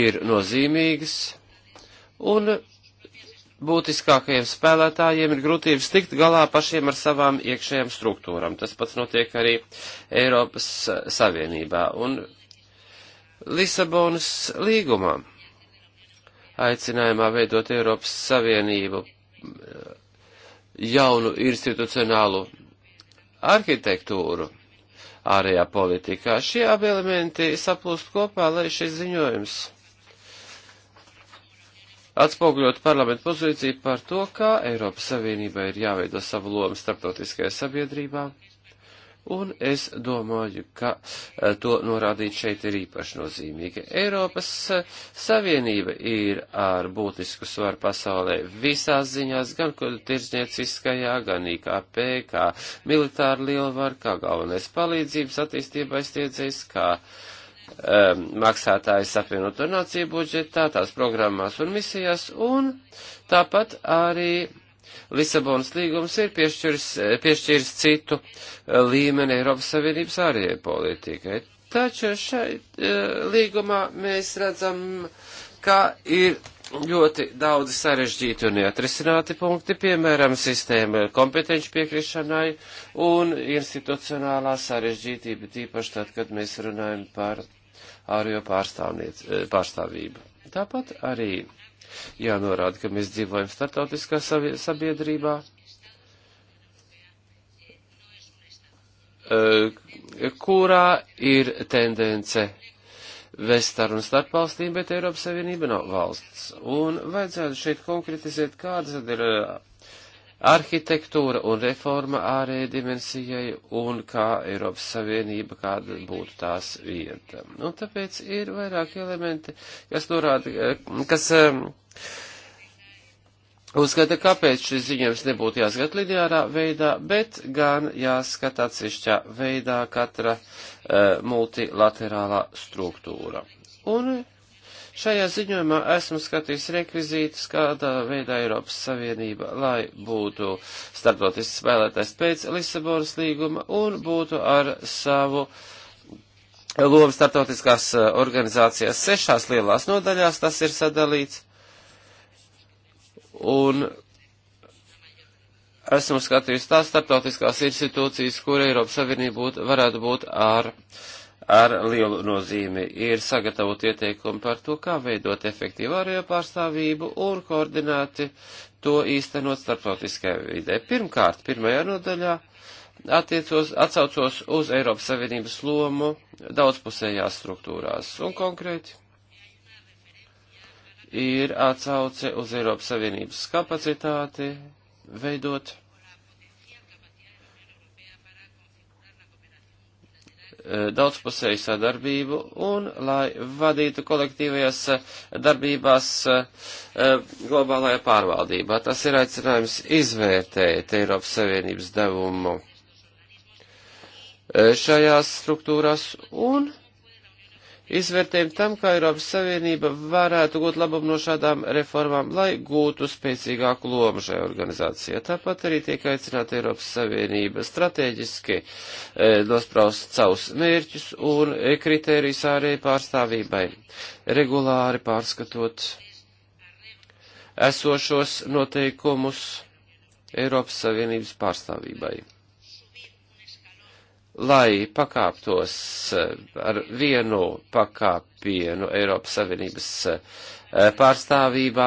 ir nozīmīgas, un būtiskākajiem spēlētājiem ir grūtības tikt galā pašiem ar savām iekšējām struktūram. Tas pats notiek arī Eiropas Savienībā un Lisabonas līgumā aicinājumā veidot Eiropas Savienību jaunu institucionālu arhitektūru ārējā politikā. Šie abi elementi saplūst kopā, lai šis ziņojums atspoguļot parlamentu pozīciju par to, kā Eiropas Savienībai ir jāveido savu lomu starptautiskajā sabiedrībā un es domāju, ka eh, to norādīt šeit ir īpaši nozīmīgi. Eiropas eh, Savienība ir ar būtisku svaru pasaulē visās ziņās, gan tirdznieciskajā, gan IKP, kā militāra lielvar, kā galvenais palīdzības attīstībai stiedzējs, kā um, maksātājs apvienoto nāciju budžetā, tās programmās un misijās, un tāpat arī Lisabonas līgums ir piešķirs, piešķirs citu eh, līmeni Eiropas Savienības ārējai politikai. Taču šeit eh, līgumā mēs redzam, ka ir ļoti daudz sarežģīti un neatrisināti punkti, piemēram, sistēma kompetenci piekrišanai un institucionālā sarežģītība, tīpaši tad, kad mēs runājam par ārējo pārstāvību. Tāpat arī jānorāda, ka mēs dzīvojam startautiskā sabiedrībā, eh, kurā ir tendence vest sarunu starp valstīm, bet Eiropas Savienība nav valsts. Un vajadzētu šeit konkretizēt, kādas ir eh, arhitektūra un reforma ārēja dimensijai un kā Eiropas Savienība, kāda būtu tās vieta. Un tāpēc ir vairāk elementi, kas norāda, eh, kas um, uzskata, kāpēc šis ziņojums nebūtu jāskat lineārā veidā, bet gan jāskat atsevišķā veidā katra uh, multilaterālā struktūra. Un Šajā ziņojumā esmu skatījis rekvizītus, kādā veidā Eiropas Savienība, lai būtu starptautisks spēlētājs pēc Lisabonas līguma un būtu ar savu lomu starptautiskās eh, organizācijās sešās lielās nodaļās, tas ir sadalīts. Un esmu skatījis tās starptautiskās institūcijas, kur Eiropas Savienība būt, varētu būt ar. Uh, ar lielu nozīmi ir sagatavot ieteikumu par to, kā veidot efektīvu ārējo pārstāvību un koordināti to īstenot starptautiskajā vidē. Pirmkārt, pirmajā nodaļā attiecos, atsaucos uz Eiropas Savienības lomu daudzpusējās struktūrās un konkrēti ir atsauce uz Eiropas Savienības kapacitāti veidot Eh, daudzpusēju sadarbību un lai vadītu kolektīvajās eh, darbībās eh, globālajā pārvaldībā. Tas ir aicinājums izvērtēt Eiropas Savienības devumu šajās struktūrās un izvērtējumu tam, kā Eiropas Savienība varētu gūt labumu no šādām reformām, lai gūtu spēcīgāku lomu šajā organizācijā. Tāpat arī tiek aicināta Eiropas Savienība strateģiski e, nospraust savus mērķus un e, kritērijus ārēji pārstāvībai, regulāri pārskatot esošos noteikumus Eiropas Savienības pārstāvībai lai pakāptos eh, ar vienu pakāpienu Eiropas Savienības eh, pārstāvībā,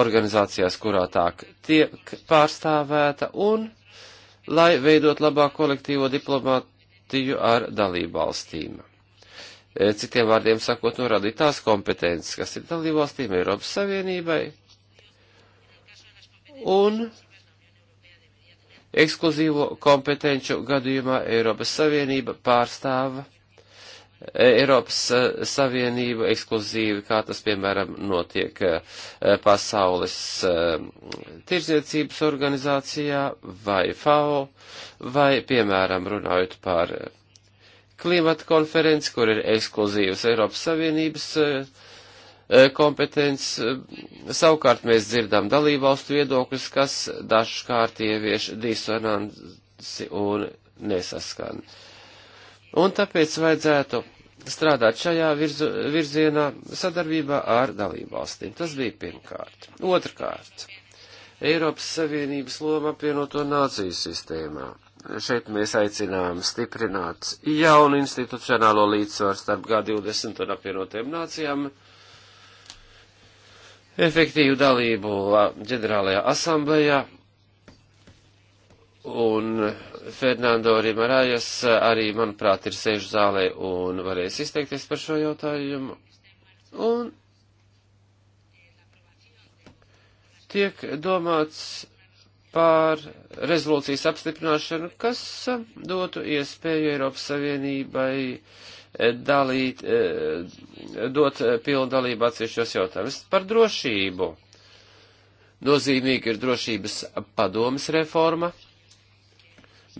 organizācijās, kurā tā tiek pārstāvēta, un lai veidot labāku kolektīvo diplomātiju ar dalību valstīm. Eh, citiem vārdiem sakot, norādīt tās kompetences, kas ir dalību valstīm Eiropas Savienībai, un Ekskluzīvo kompetenču gadījumā Eiropas Savienība pārstāva e, Eiropas e, Savienību ekskluzīvi, kā tas, piemēram, notiek e, Pasaules tirdzniecības organizācijā vai FAO, vai, piemēram, runājot par klimata konferenci, kur ir ekskluzīvas Eiropas Savienības Eh, kompetences. Eh, savukārt mēs dzirdam dalībvalstu viedokļus, kas dažkārt ievieš disonanci un nesaskan. Un tāpēc vajadzētu strādāt šajā virzu, virzienā sadarbībā ar dalībvalstīm. Tas bija pirmkārt. Otrkārt, Eiropas Savienības loma apvienoto nāciju sistēmā. Šeit mēs aicinām stiprināt jaunu institucionālo līdzsvaru starp G20 un apvienotajām nācijām. Uh, efektīvu dalību ģenerālajā asamblējā. Un Fernando Rimarājas arī, manuprāt, ir sēžu zālē un varēs izteikties par šo jautājumu. Un tiek domāts par rezolūcijas apstiprināšanu, kas dotu iespēju Eiropas Savienībai uh, dalīt, e, dot e, pilnu dalību atsevišķos jautājumus. Par drošību. Nozīmīgi ir drošības padomas reforma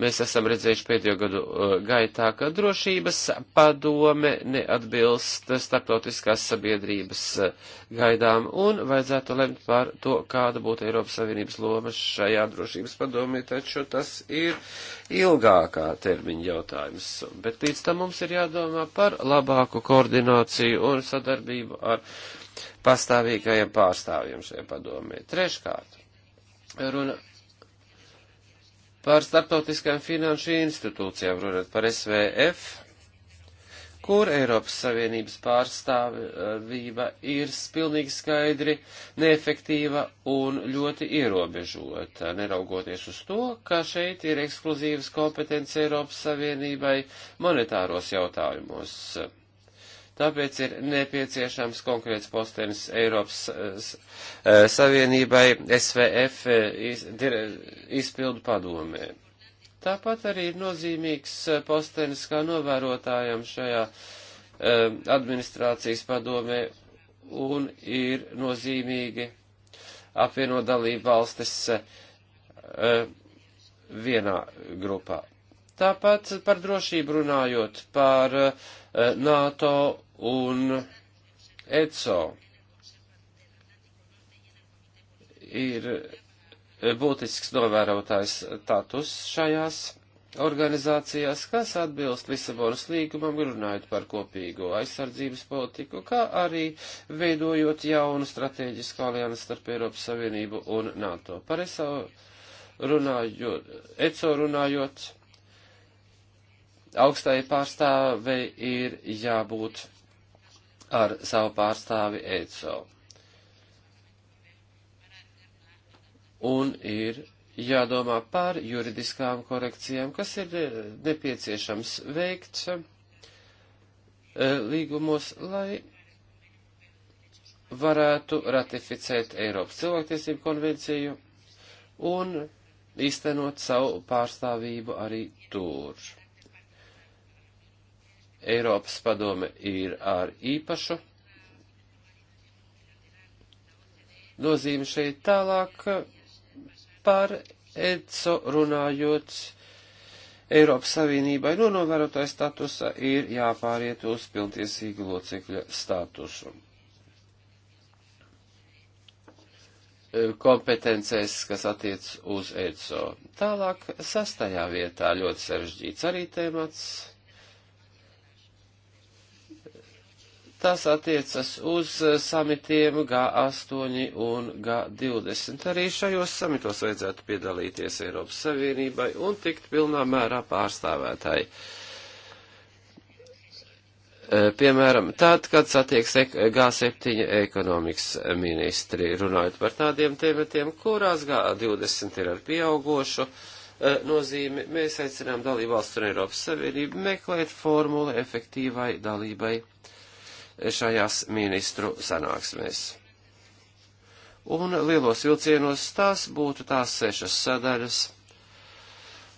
mēs esam redzējuši pēdējo gadu uh, gaitā, ka drošības padome neatbilst starptautiskās sabiedrības uh, gaidām un vajadzētu lemt par to, kāda būtu Eiropas Savienības loma šajā drošības padomē, taču tas ir ilgākā termiņa jautājums. Bet līdz tam mums ir jādomā par labāku koordināciju un sadarbību ar pastāvīgajiem pārstāvjiem šajā padomē. Treškārt, runa Par starptautiskām finanšu institūcijām runāt par SVF, kur Eiropas Savienības pārstāvība ir pilnīgi skaidri neefektīva un ļoti ierobežota, neraugoties uz to, ka šeit ir ekskluzīvas kompetences Eiropas Savienībai monetāros jautājumos. Tāpēc ir nepieciešams konkrēts postenis Eiropas Savienībai SVF e, izpildu padomē. Tāpat arī ir nozīmīgs e, postenis kā novērotājam šajā e, administrācijas padomē un ir nozīmīgi apvienot dalību valstis vienā grupā. Tāpat par drošību runājot, par eh, NATO un ECO ir eh, būtisks novērotājs status šajās organizācijās, kas atbilst Lisabonas līgumam, runājot par kopīgo aizsardzības politiku, kā arī veidojot jaunu strateģisku aliansu starp Eiropas Savienību un NATO. Par ESO runājot, ECO runājot augstai pārstāvei ir jābūt ar savu pārstāvi ECO. Un ir jādomā par juridiskām korekcijām, kas ir nepieciešams veikt eh, līgumos, lai varētu ratificēt Eiropas cilvēktiesību konvenciju un īstenot savu pārstāvību arī tur. Eiropas padome ir ar īpašu nozīmi šeit tālāk par EDSO runājot. Eiropas Savienībai no novērotāja statusa ir jāpāriet uz pilntiesīgu locekļa statusu. Kompetencēs, kas attiec uz EDSO. Tālāk sastajā vietā ļoti sarežģīts arī tēmats Tas attiecas uz samitiem G8 un G20. Arī šajos samitos vajadzētu piedalīties Eiropas Savienībai un tikt pilnā mērā pārstāvētāji. E, piemēram, tad, kad satieks G7 ekonomikas ministri, runājot par tādiem tematiem, kurās G20 ir ar pieaugošu uh, nozīmi. Mēs aicinām dalībvalstu un Eiropas Savienību meklēt formulu efektīvai dalībai šajās ministru sanāksmēs. Un lielos vilcienos tās būtu tās sešas sadaļas,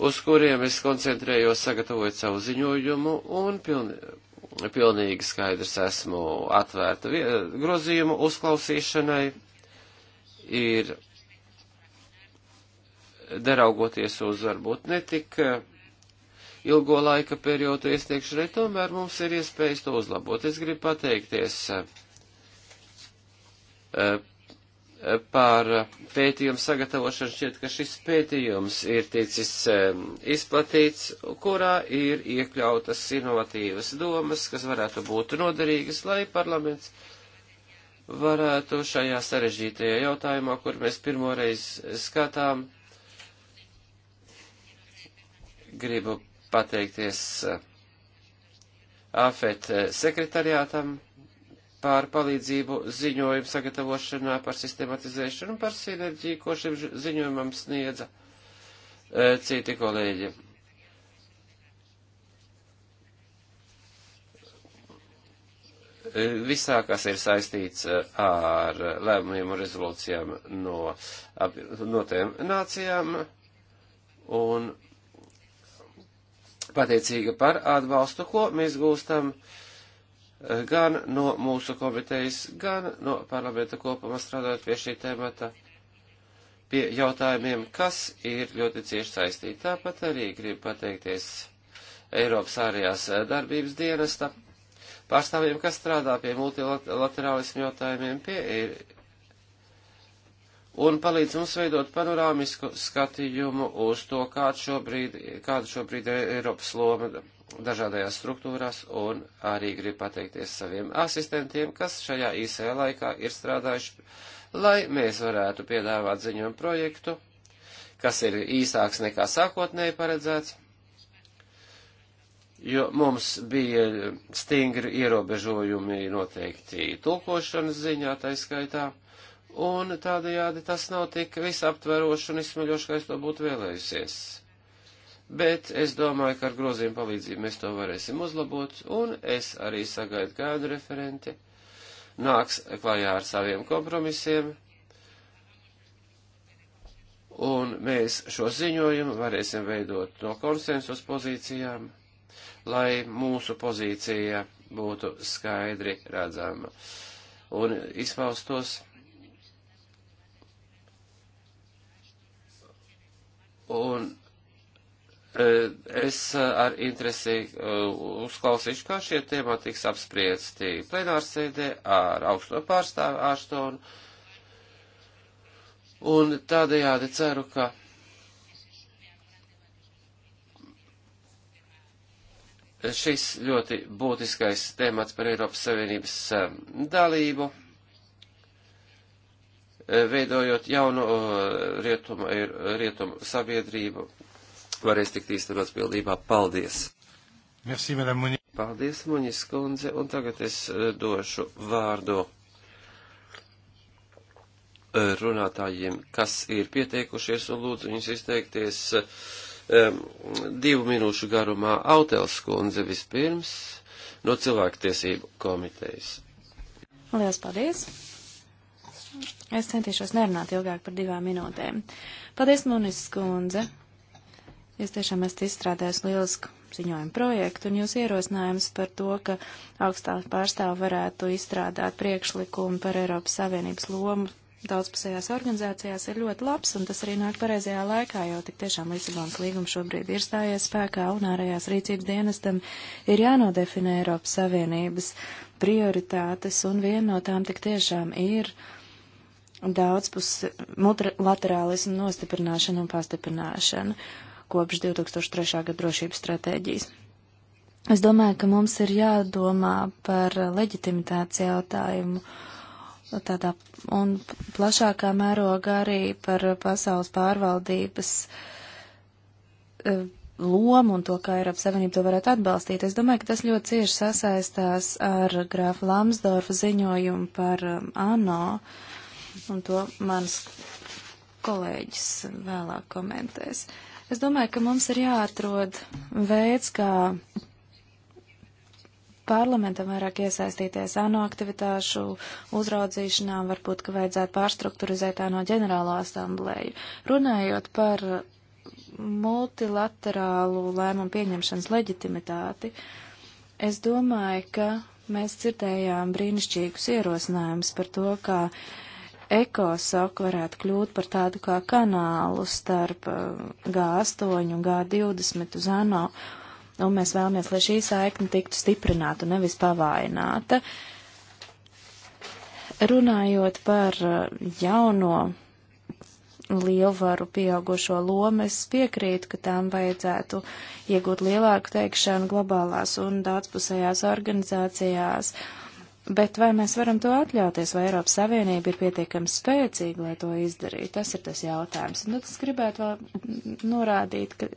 uz kuriem es koncentrējos sagatavojot savu ziņojumu un pilni, pilnīgi skaidrs esmu atvērta grozījumu uzklausīšanai. Ir deraugoties uz varbūt netika eh, ilgo laika periodu iesniegšanai, tomēr mums ir iespējas to uzlabot. Es gribu pateikties eh, eh, par pētījumu sagatavošanu. Šķiet, ka šis pētījums ir ticis izplatīts, kurā ir iekļautas inovatīvas domas, kas varētu būt noderīgas, lai parlaments varētu šajā sarežģītajā jautājumā, kur mēs pirmoreiz skatām, uh, Gribu pateikties eh, AFET eh, sekretariātam par palīdzību ziņojumu sagatavošanā, par sistematizēšanu un par sinerģiju, ko šim ziņojumam sniedza eh, citi kolēģi. Visā, kas ir saistīts ar lēmumiem un rezolūcijām no, no tiem nācijām, un pateicīga par atbalstu, ko mēs gūstam eh, gan no mūsu komitejas, gan no parlamenta kopumā strādājot pie šī temata, pie jautājumiem, kas ir ļoti cieši saistīti. Tāpat arī gribu pateikties Eiropas ārējās eh, darbības dienesta pārstāvjiem, kas strādā pie multilaterālismu jautājumiem, pie un palīdz mums veidot panorāmisku skatījumu uz to, kāda šobrīd, kāda šobrīd ir Eiropas loma dažādajās struktūrās, un arī grib pateikties saviem asistentiem, kas šajā īsajā laikā ir strādājuši, lai mēs varētu piedāvāt ziņojumu projektu, kas ir īsāks nekā sākotnēji paredzēts, jo mums bija stingri ierobežojumi noteikti tulkošanas ziņā taiskaitā. skaitā un tādējādi tas nav tik visaptveroši un izsmeļoši, kā es to būtu vēlējusies. Bet es domāju, ka ar grozījumu palīdzību mēs to varēsim uzlabot, un es arī sagaidu kādu referenti. Nāks klājā ar saviem kompromisiem, un mēs šo ziņojumu varēsim veidot no konsensus pozīcijām, lai mūsu pozīcija būtu skaidri redzama un izpaustos Un e, es e, ar interesi e, uzklausīšu, kā šie temati tiks apspriesti plenārsēdē ar augsto pārstāvu Ārstonu. Un tādējādi ceru, ka. šis ļoti būtiskais temats par Eiropas Savienības dalību Eh, veidojot jaunu eh, rietumu, eh, rietumu sabiedrību, varēs tikt īstenots pildībā. Paldies! Merci, Muņi. Paldies, Muņis kundze, un tagad es došu vārdu runātājiem, kas ir pieteikušies, un lūdzu viņus izteikties um, divu minūšu garumā. Autels kundze vispirms no cilvēktiesību komitejas. Lielas paldies! Es centīšos nerunāt ilgāk par divām minūtēm. Paldies, Munis Skundze! Jūs tiešām esat izstrādājis lielisku ziņojumu projektu, un jūs ierosinājums par to, ka augstā pārstāva varētu izstrādāt priekšlikumu par Eiropas Savienības lomu daudzpusējās organizācijās ir ļoti labs, un tas arī nāk pareizajā laikā, jo tik tiešām Lisabonas līgums šobrīd ir stājies spēkā, un ārējās rīcības dienestam ir jānodefinē Eiropas Savienības prioritātes, un viena no tām tik tiešām ir uh, daudzpus multilaterālismu nostiprināšanu un pastiprināšanu kopš 2003. gada drošības stratēģijas. Es domāju, ka mums ir jādomā par leģitimitātes jautājumu tādā un plašākā mērogā arī par pasaules pārvaldības e, lomu un to, kā Eiropas Savienība to varētu atbalstīt. Es domāju, ka tas ļoti cieši sasaistās ar grāfa Lamsdorfa ziņojumu par e, ANO. Um, un to mans kolēģis vēlāk komentēs. Es domāju, ka mums ir jāatrod veids, kā parlamentam vairāk iesaistīties ANO aktivitāšu uzraudzīšanā, varbūt, ka vajadzētu pārstrukturizēt ANO ģenerālo asamblēju. Runājot par multilaterālu lēmumu pieņemšanas leģitimitāti, es domāju, ka mēs dzirdējām brīnišķīgus ierosinājumus par to, kā uh, ECOSOC varētu kļūt par tādu kā kanālu starp uh, G8 un G20 uz ANO, un mēs vēlamies, lai šī saikne tiktu stiprināta un nevis pavaināta. Runājot par uh, jauno lielvaru pieaugušo lomu, es piekrītu, ka tām vajadzētu iegūt lielāku teikšanu globālās un daudzpusējās organizācijās. Uh, Bet vai mēs varam to atļauties, vai Eiropas Savienība ir pietiekami spēcīga, lai to izdarītu? Tas ir tas jautājums. Un tad es gribētu vēl norādīt, ka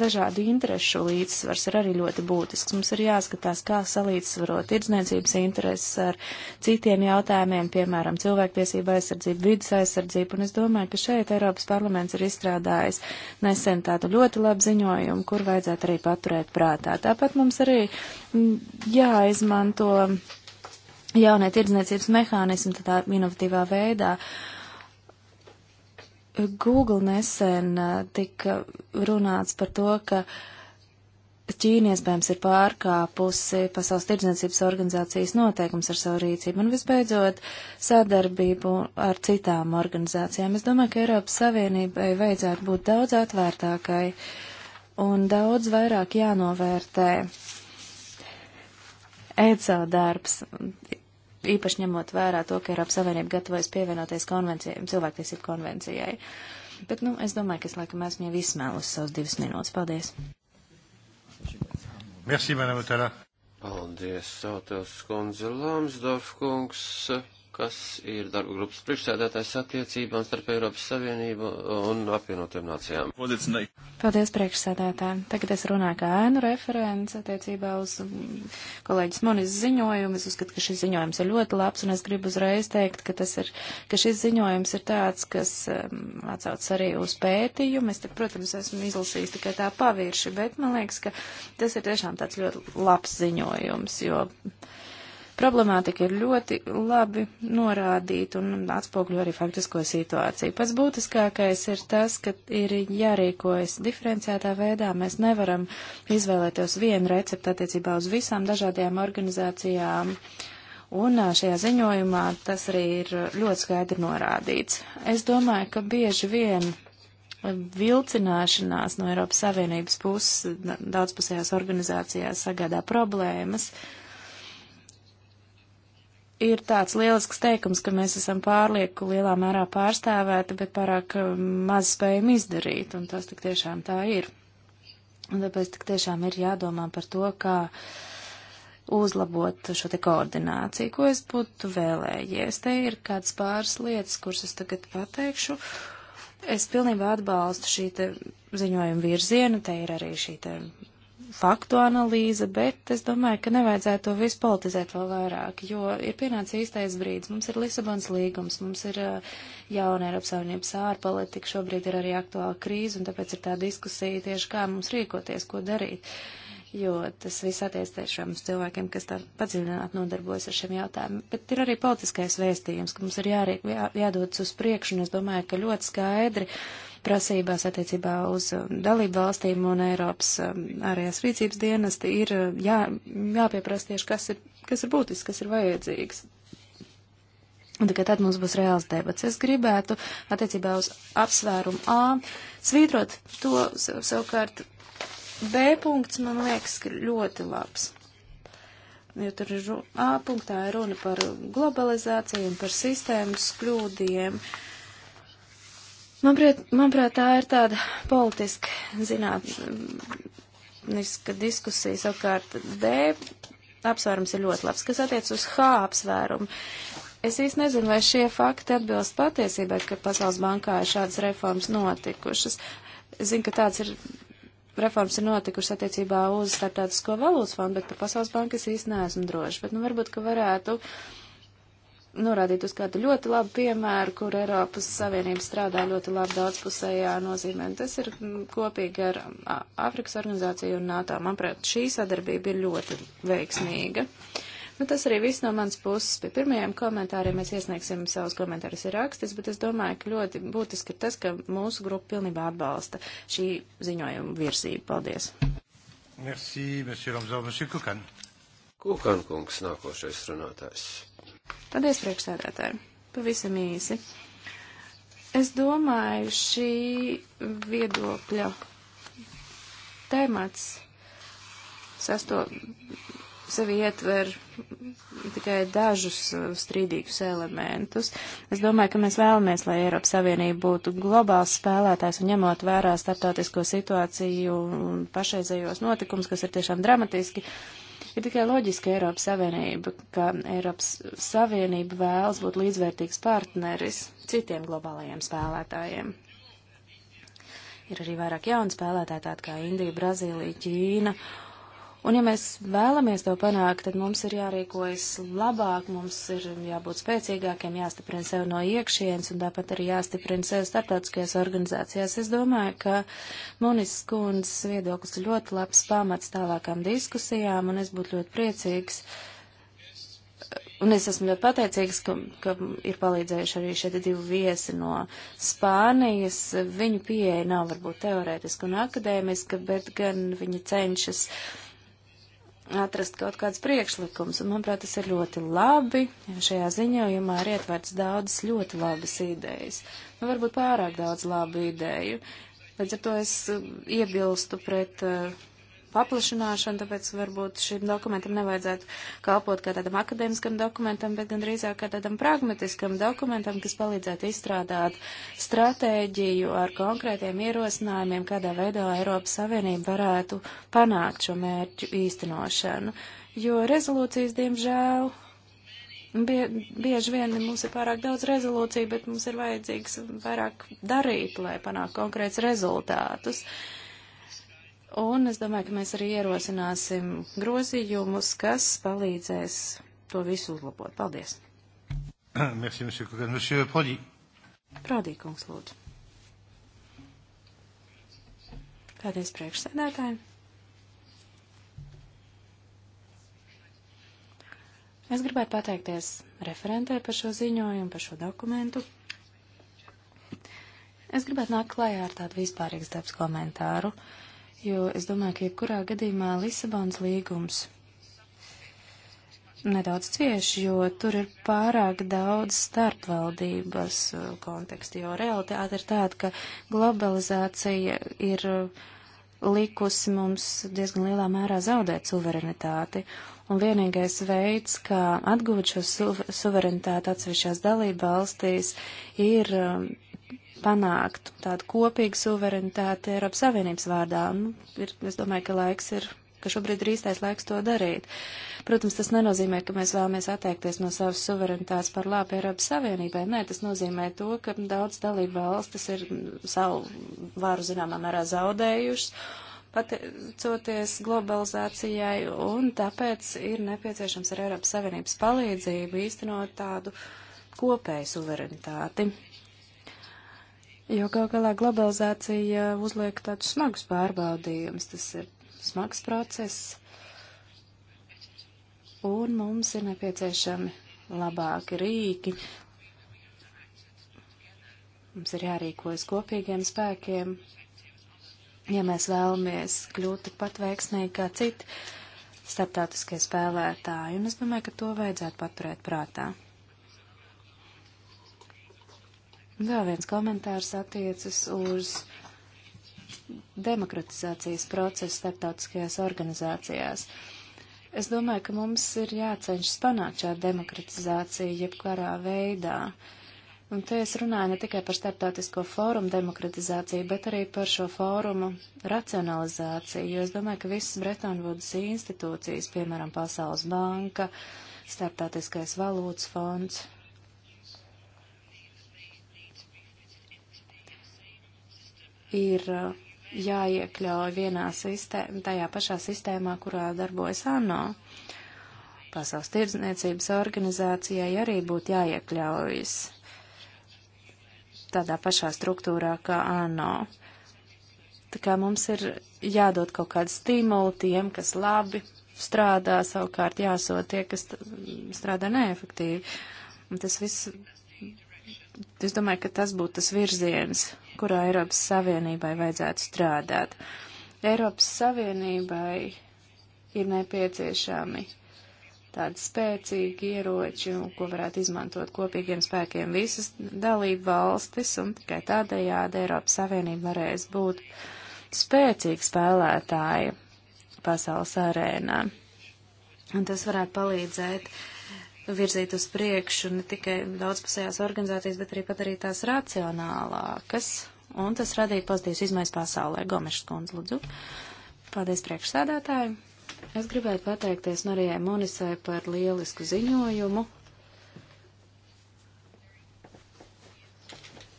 dažādu interešu līdzsvars ir arī ļoti būtisks. Mums ir jāskatās, kā salīdzsvarot tirdzniecības intereses ar citiem jautājumiem, piemēram, cilvēktiesība aizsardzība, vidas aizsardzība, un es domāju, ka šeit Eiropas parlaments ir izstrādājis nesen tādu ļoti labu ziņojumu, kur vajadzētu arī paturēt prātā. Tāpat mums arī jāizmanto. Ja, jaunie tirdzniecības mehānismi tādā inovatīvā veidā. Google nesen tika runāts par to, ka Ķīna iespējams ir pārkāpusi Pasaules tirdzniecības organizācijas noteikums ar savu rīcību un visbeidzot sadarbību ar citām organizācijām. Es domāju, ka Eiropas Savienībai vajadzētu būt daudz atvērtākai un daudz vairāk jānovērtē ECO darbs, īpaši ņemot vērā to, ka Eiropas Savienība gatavojas pievienoties konvencijai, cilvēktiesību konvencijai. Bet, nu, es domāju, ka es laikam esmu jau izsmēlus savus divas minūtes. Paldies! Merci, Madame Otala. Paldies, Sautels kundze Lamsdorf kungs kas ir darba grupas priekšsēdētājs attiecībām starp Eiropas Savienību un apvienotiem nācijām. Paldies, priekšsēdētāji. Tagad es runāju kā ēnu referents attiecībā uz kolēģis Monis ziņojumu. Es uzskatu, ka šis ziņojums ir ļoti labs, un es gribu uzreiz teikt, ka, ir, ka šis ziņojums ir tāds, kas um, atsauc arī uz pētījumu. Es, te, protams, esmu izlasījis tikai tā pavirši, bet man liekas, ka tas ir tiešām tāds ļoti labs ziņojums, jo Problemātika ir ļoti labi norādīta un atspoguļo arī faktisko situāciju. Pats būtiskākais ir tas, ka ir jārīkojas diferenciētā veidā. Mēs nevaram izvēlēties vienu receptu attiecībā uz visām dažādajām organizācijām. Un šajā ziņojumā tas arī ir ļoti skaidri norādīts. Es domāju, ka bieži vien vilcināšanās no Eiropas Savienības puses daudzpusējās organizācijās sagādā problēmas. Uh, ir tāds lielisks teikums, ka mēs esam pārlieku lielā mērā pārstāvēti, bet pārāk um, maz spējam izdarīt, un tas tik tiešām tā ir. Un tāpēc tik tiešām ir jādomā par to, kā uzlabot šo te koordināciju, ko es būtu vēlējies. Te ir kādas pāris lietas, kuras es tagad pateikšu. Es pilnībā atbalstu šī te ziņojuma virzienu, te ir arī šī te faktu analīze, bet es domāju, ka nevajadzētu to visu politizēt vēl vairāk, jo ir pienācis īstais brīdis. Mums ir Lisabons līgums, mums ir uh, jauna Eiropas Savienības ārpolitika, šobrīd ir arī aktuāla krīze, un tāpēc ir tā diskusija tieši, kā mums rīkoties, ko darīt, jo tas viss attiec tiešām uz cilvēkiem, kas tā padziļināt nodarbojas ar šiem jautājumiem. Bet ir arī politiskais vēstījums, ka mums ir jārī, jā, jādodas uz priekšu, un es domāju, ka ļoti skaidri prasībās attiecībā uz um, dalību valstīm un Eiropas um, ārējās rīcības dienesti ir uh, jā, jāpieprasa tieši, kas ir, kas ir būtisks, kas ir vajadzīgs. Un tikai tad mums būs reāls debats. Es gribētu attiecībā uz apsvērumu A svītrot to sav, savukārt B punkts, man liekas, ļoti labs. Jo tur ir A punktā ir runa par globalizāciju un par sistēmas kļūdiem. Uh, Manuprāt, manuprāt, tā ir tāda politiska zinātniska diskusija. Savukārt D apsvērums ir ļoti labs, kas attiec uz H apsvērumu. Es īsti nezinu, vai šie fakti atbilst patiesībai, ka Pasaules bankā ir šādas reformas notikušas. Es zinu, ka tāds ir reformas ir notikušas attiecībā uz starptautisko valūtas fondu, bet par Pasaules banku es īsti neesmu droši. Bet, nu, varbūt, ka varētu. Uh, norādīt uz kādu ļoti labu piemēru, kur Eiropas Savienība strādā ļoti labi daudzpusējā nozīmē. Tas ir kopīgi ar Āfrikas organizāciju un NATO. Manuprāt, šī sadarbība ir ļoti veiksmīga. Nu, tas arī viss no manas puses. Pie pirmajiem komentāriem mēs iesniegsim savus komentārus ir rakstis, bet es domāju, ka ļoti būtiski ir tas, ka mūsu grupa pilnībā atbalsta šī ziņojuma virzību. Paldies! Merci, monsieur Lamzov, monsieur Kukan. Kukan kungs, nākošais runātājs. Paldies, priekšsēdētāji. Pavisam īsi. Es domāju, šī viedokļa temats sasto sevi ietver tikai dažus uh, strīdīgus elementus. Es domāju, ka mēs vēlamies, lai Eiropas Savienība būtu globāls spēlētājs un ņemot vērā starptautisko situāciju un pašreizējos notikumus, kas ir tiešām dramatiski, uh, Ir tikai loģiski Eiropas Savienība, ka Eiropas Savienība vēlas būt līdzvērtīgs partneris citiem globālajiem spēlētājiem. Ir arī vairāk jaunu spēlētāju, tādu kā Indija, Brazīlija, Ķīna Un ja mēs vēlamies to panākt, tad mums ir jārīkojas labāk, mums ir jābūt spēcīgākiem, jāstiprina sev no iekšienes un tāpat arī jāstiprina sev starptautiskajās organizācijās. Es domāju, ka Munis skundzes viedoklis ir ļoti labs pamats tālākām diskusijām un es būtu ļoti priecīgs. Un es esmu ļoti pateicīgs, ka, ka ir palīdzējuši arī šeit divi viesi no Spānijas. Viņu pieeja nav varbūt teorētiska un akadēmiska, bet gan viņi cenšas uh, atrast kaut kāds priekšlikums, un manuprāt, tas ir ļoti labi, jo šajā ziņojumā ir ietverts daudzas ļoti labas idejas. Nu, varbūt pārāk daudz labu ideju. Līdz ar to es uh, iebilstu pret uh, paplašināšanu, tāpēc varbūt šim dokumentam nevajadzētu kalpot kā tādam akadēmiskam dokumentam, bet gan drīzāk kā tādam pragmatiskam dokumentam, kas palīdzētu izstrādāt stratēģiju ar konkrētiem ierosinājumiem, kādā veidā Eiropas Savienība varētu panākt šo mērķu īstenošanu. Jo rezolūcijas, diemžēl, Bie, bieži vien mums ir pārāk daudz rezolūciju, bet mums ir vajadzīgs vairāk darīt, lai panāktu konkrēts rezultātus. Uh, Un es domāju, ka mēs arī ierosināsim grozījumus, kas palīdzēs to visu uzlabot. Paldies! Merci, monsieur Kogan. Monsieur Prodi. Prodi, kungs, lūdzu. Paldies priekšsēdētājiem. Es gribētu pateikties referentē par šo ziņojumu, par šo dokumentu. Es gribētu nākt klajā ar tādu vispārīgas dabas komentāru. Uh, jo es domāju, ka jebkurā gadījumā Lisabons līgums nedaudz cieši, jo tur ir pārāk daudz starpvaldības uh, konteksti, jo realitāte ir tāda, ka globalizācija ir uh, likusi mums diezgan lielā mērā zaudēt suverenitāti. Un vienīgais veids, kā atgūt šo su suverenitāti atsevišķās dalība valstīs, ir um, panākt tādu kopīgu suverenitāti Eiropas Savienības vārdā. Nu, ir, es domāju, ka laiks ir, ka šobrīd ir īstais laiks to darīt. Protams, tas nenozīmē, ka mēs vēlamies atteikties no savas suverenitātes par labu Eiropas Savienībai. Nē, tas nozīmē to, ka daudz dalību valstis ir savu varu zināmā mērā zaudējušas pateicoties globalizācijai, un tāpēc ir nepieciešams ar Eiropas Savienības palīdzību īstenot tādu kopēju suverenitāti. Jo gal galā globalizācija uh, uzliek tādus smagus pārbaudījumus. Tas ir smags process, un mums ir nepieciešami labāki rīki. Mums ir jārīkojas kopīgiem spēkiem, ja mēs vēlamies kļūt tikpat veiksmīgi kā citi starptautiskie spēlētāji, un es domāju, ka to vajadzētu paturēt prātā. Vēl viens komentārs attiecas uz demokratizācijas procesu starptautiskajās organizācijās. Es domāju, ka mums ir jācenšas panākt šādu demokratizāciju jebkurā veidā. Un te es runāju ne tikai par starptautisko fórumu demokratizāciju, bet arī par šo fórumu racionalizāciju, jo es domāju, ka visas Bretonvudas institūcijas, piemēram, Pasaules banka, Starptautiskais valūtas fonds, ir eh, jāiekļauj vienā sistēmā, tajā pašā sistēmā, kurā darbojas ANO. Pasaules tirdzniecības organizācijai arī būtu jāiekļaujas tādā pašā struktūrā kā ANO. Tā kā mums ir jādod kaut kādu stimulu tiem, kas labi strādā, savukārt jāsot tie, kas strādā neefektīvi. Un tas viss, es domāju, ka tas būtu tas virziens, kurā Eiropas Savienībai vajadzētu strādāt. Eiropas Savienībai ir nepieciešami tādi spēcīgi ieroči, ko varētu izmantot kopīgiem spēkiem visas dalību valstis, un tikai tādējādi Eiropas Savienība varēs būt spēcīgi spēlētāji pasaules arēnā. Un tas varētu palīdzēt uh, virzīt uz priekšu ne tikai daudzpusējās organizācijas, bet arī padarīt tās racionālākas, un tas radīja pozitīvas izmaiņas pasaulē. Gomešs kundze, lūdzu. Paldies priekšsēdētāji. Es gribētu pateikties Marijai Monisai par lielisku ziņojumu.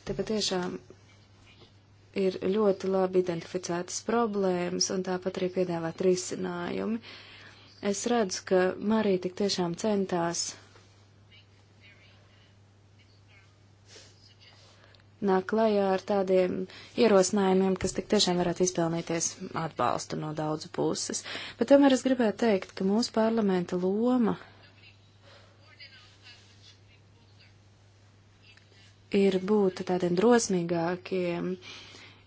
Te patiešām ir ļoti labi identificētas problēmas un tāpat arī piedāvāt risinājumi. Uh, Es redzu, ka Marija tik tiešām centās nāk klajā ar tādiem ierosinājumiem, kas tik tiešām varētu izpelnīties atbalstu no daudzu puses. Bet tomēr es gribēju teikt, ka mūsu parlamenta loma ir būt tādiem drosmīgākiem, uh,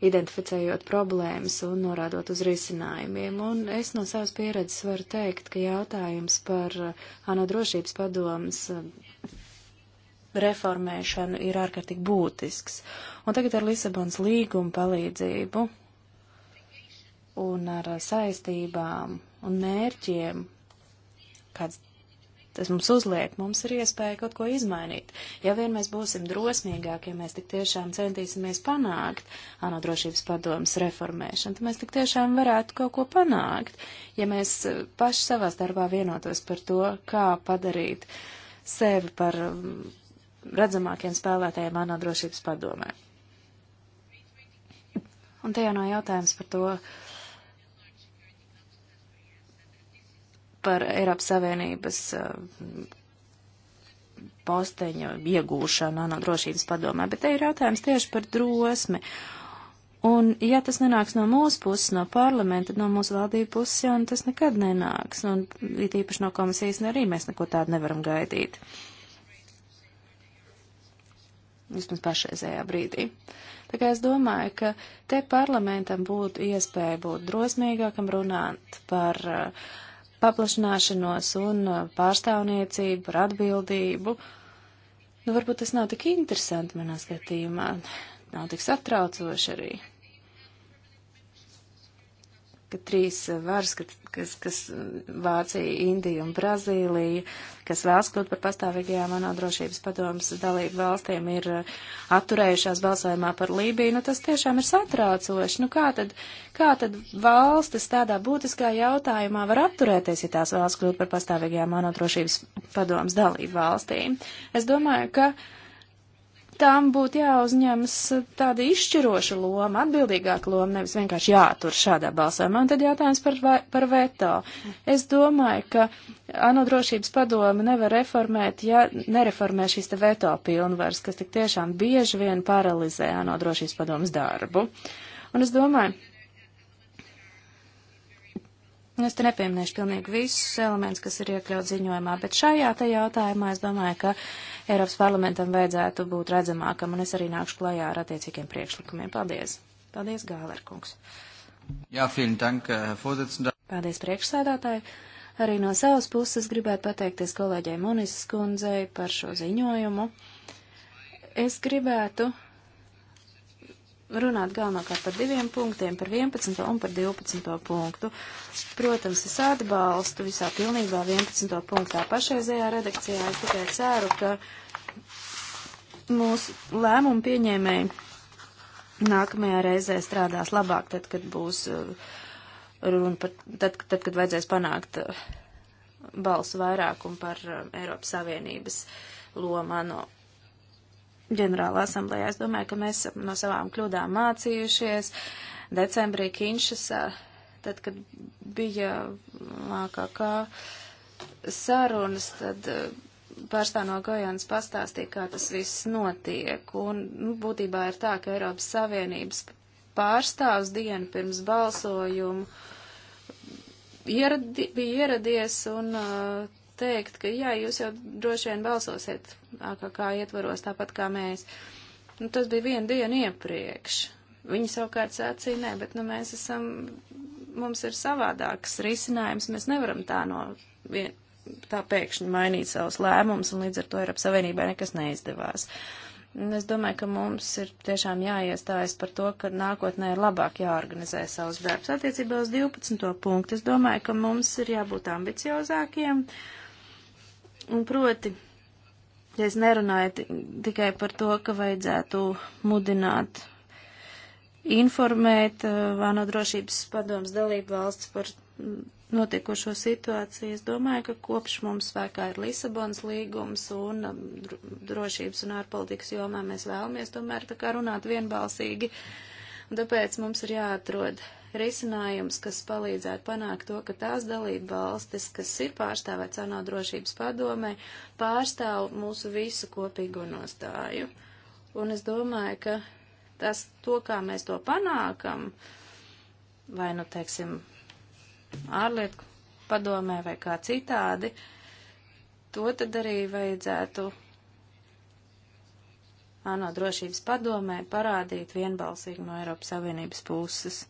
identificējot problēmas un norādot uz risinājumiem. Un es no savas pieredzes varu teikt, ka jautājums par uh, ANO drošības padomas uh, reformēšanu ir ārkārtīgi būtisks. Un tagad ar Lisabons līgumu palīdzību un ar saistībām un mērķiem, kāds tas mums uzliek, mums ir iespēja kaut ko izmainīt. Ja vien mēs būsim drosmīgāki, ja mēs tik tiešām centīsimies panākt ANO drošības padomas reformēšanu, tad mēs tik tiešām varētu kaut ko panākt, ja mēs eh, paši savā starpā vienotos par to, kā padarīt sevi par mm, redzamākiem spēlētājiem ANO drošības padomē. Un te jau nav jautājums par to, uh, par Eiropas Savienības eh, posteņu iegūšanu no drošības padomē, bet te ir jautājums tieši par drosmi. Un, ja tas nenāks no mūsu puses, no parlamenta, no mūsu valdību puses, jau tas nekad nenāks. Un it īpaši no komisijas ne nu arī mēs neko tādu nevaram gaidīt. Vismaz pašreizējā brīdī. Tā kā es domāju, ka te parlamentam būtu iespēja būt drosmīgākam runāt par uh, paplašināšanos un uh, pārstāvniecību, par atbildību. Nu, varbūt tas nav tik interesanti manā skatījumā, nav tik satraucoši arī ka trīs varas, kas, kas Vācija, Indija un Brazīlija, kas vēlas kļūt par pastāvīgajām ANO drošības padomas dalību valstīm, ir uh, atturējušās balsojumā par Lībiju. Nu, tas tiešām ir satraucoši. Nu, kā tad, kā tad valstis tādā būtiskā jautājumā var atturēties, ja tās vēlas kļūt par pastāvīgajām ANO drošības padomas dalību valstīm? Es domāju, ka tām būtu jāuzņemas tāda izšķiroša loma, atbildīgāka loma, nevis vienkārši jātur šādā balsojumā. Un tad jautājums par, par veto. Es domāju, ka ANO drošības padome nevar reformēt, ja nereformē šīs te veto pilnvaras, kas tik tiešām bieži vien paralizē ANO drošības padomas darbu. Un es domāju, Es te nepieminēšu pilnīgi visus elementus, kas ir iekļauts ziņojumā, bet šajā te jautājumā es domāju, ka Eiropas parlamentam vajadzētu būt redzamākam, un es arī nākšu klajā ar attiecīgiem priekšlikumiem. Paldies! Paldies, Gālerkungs! Jā, vielen dank, eh, Vorsitzender! Paldies, priekšsēdātāji! Arī no savas puses gribētu pateikties kolēģei Monisas kundzei par šo ziņojumu. Es gribētu runāt galvenokārt par diviem punktiem, par 11. un par 12. punktu. Protams, es atbalstu visā pilnībā 11. punktā pašreizējā redakcijā. Es tikai ceru, ka mūsu lēmumu pieņēmēji nākamajā reizē strādās labāk, tad, kad būs uh, runa par, tad, tad, kad vajadzēs panākt uh, balsu vairākumu par um, Eiropas Savienības lomu ANO ģenerāla asamblējā. Es domāju, ka mēs no savām kļūdām mācījušies. Decembrī Kinšasā, tad, kad bija lākākā sarunas, tad pārstāv no Gojans pastāstīja, kā tas viss notiek. Un nu, būtībā ir tā, ka Eiropas Savienības pārstāvs dienu pirms balsojumu ieradi, bija ieradies un uh, teikt, ka jā, jūs jau droši vien balsosiet AKK ietvaros tāpat kā mēs. Nu, tas bija vienu dienu iepriekš. Viņi savukārt sacīja, nē, bet nu, mēs esam, mums ir savādāks risinājums, mēs nevaram tā no vien, tā pēkšņi mainīt savus lēmumus, un līdz ar to Eiropas Savienībai nekas neizdevās. Es domāju, ka mums ir tiešām jāiestājas par to, ka nākotnē ir labāk jāorganizē savus darbus. Attiecībā uz 12. punktu, es domāju, ka mums ir jābūt ambiciozākiem. Uh, Un proti, ja es nerunāju tikai par to, ka vajadzētu mudināt informēt Vāno eh, drošības padomas dalību valsts par notiekošo situāciju. Es domāju, ka kopš mums spēkā ir Lisabonas līgums un um, drošības un ārpolitikas jomā mēs vēlamies tomēr tā kā runāt vienbalsīgi. Un tāpēc mums ir jāatrod risinājums, kas palīdzētu panākt to, ka tās dalība valstis, kas ir pārstāvēts ANO drošības padomē, pārstāv mūsu visu kopīgo nostāju. Un es domāju, ka tas, to, kā mēs to panākam, vai, nu, teiksim, ārlietu padomē vai kā citādi, to tad arī vajadzētu ANO drošības padomē parādīt vienbalsīgi no Eiropas Savienības puses.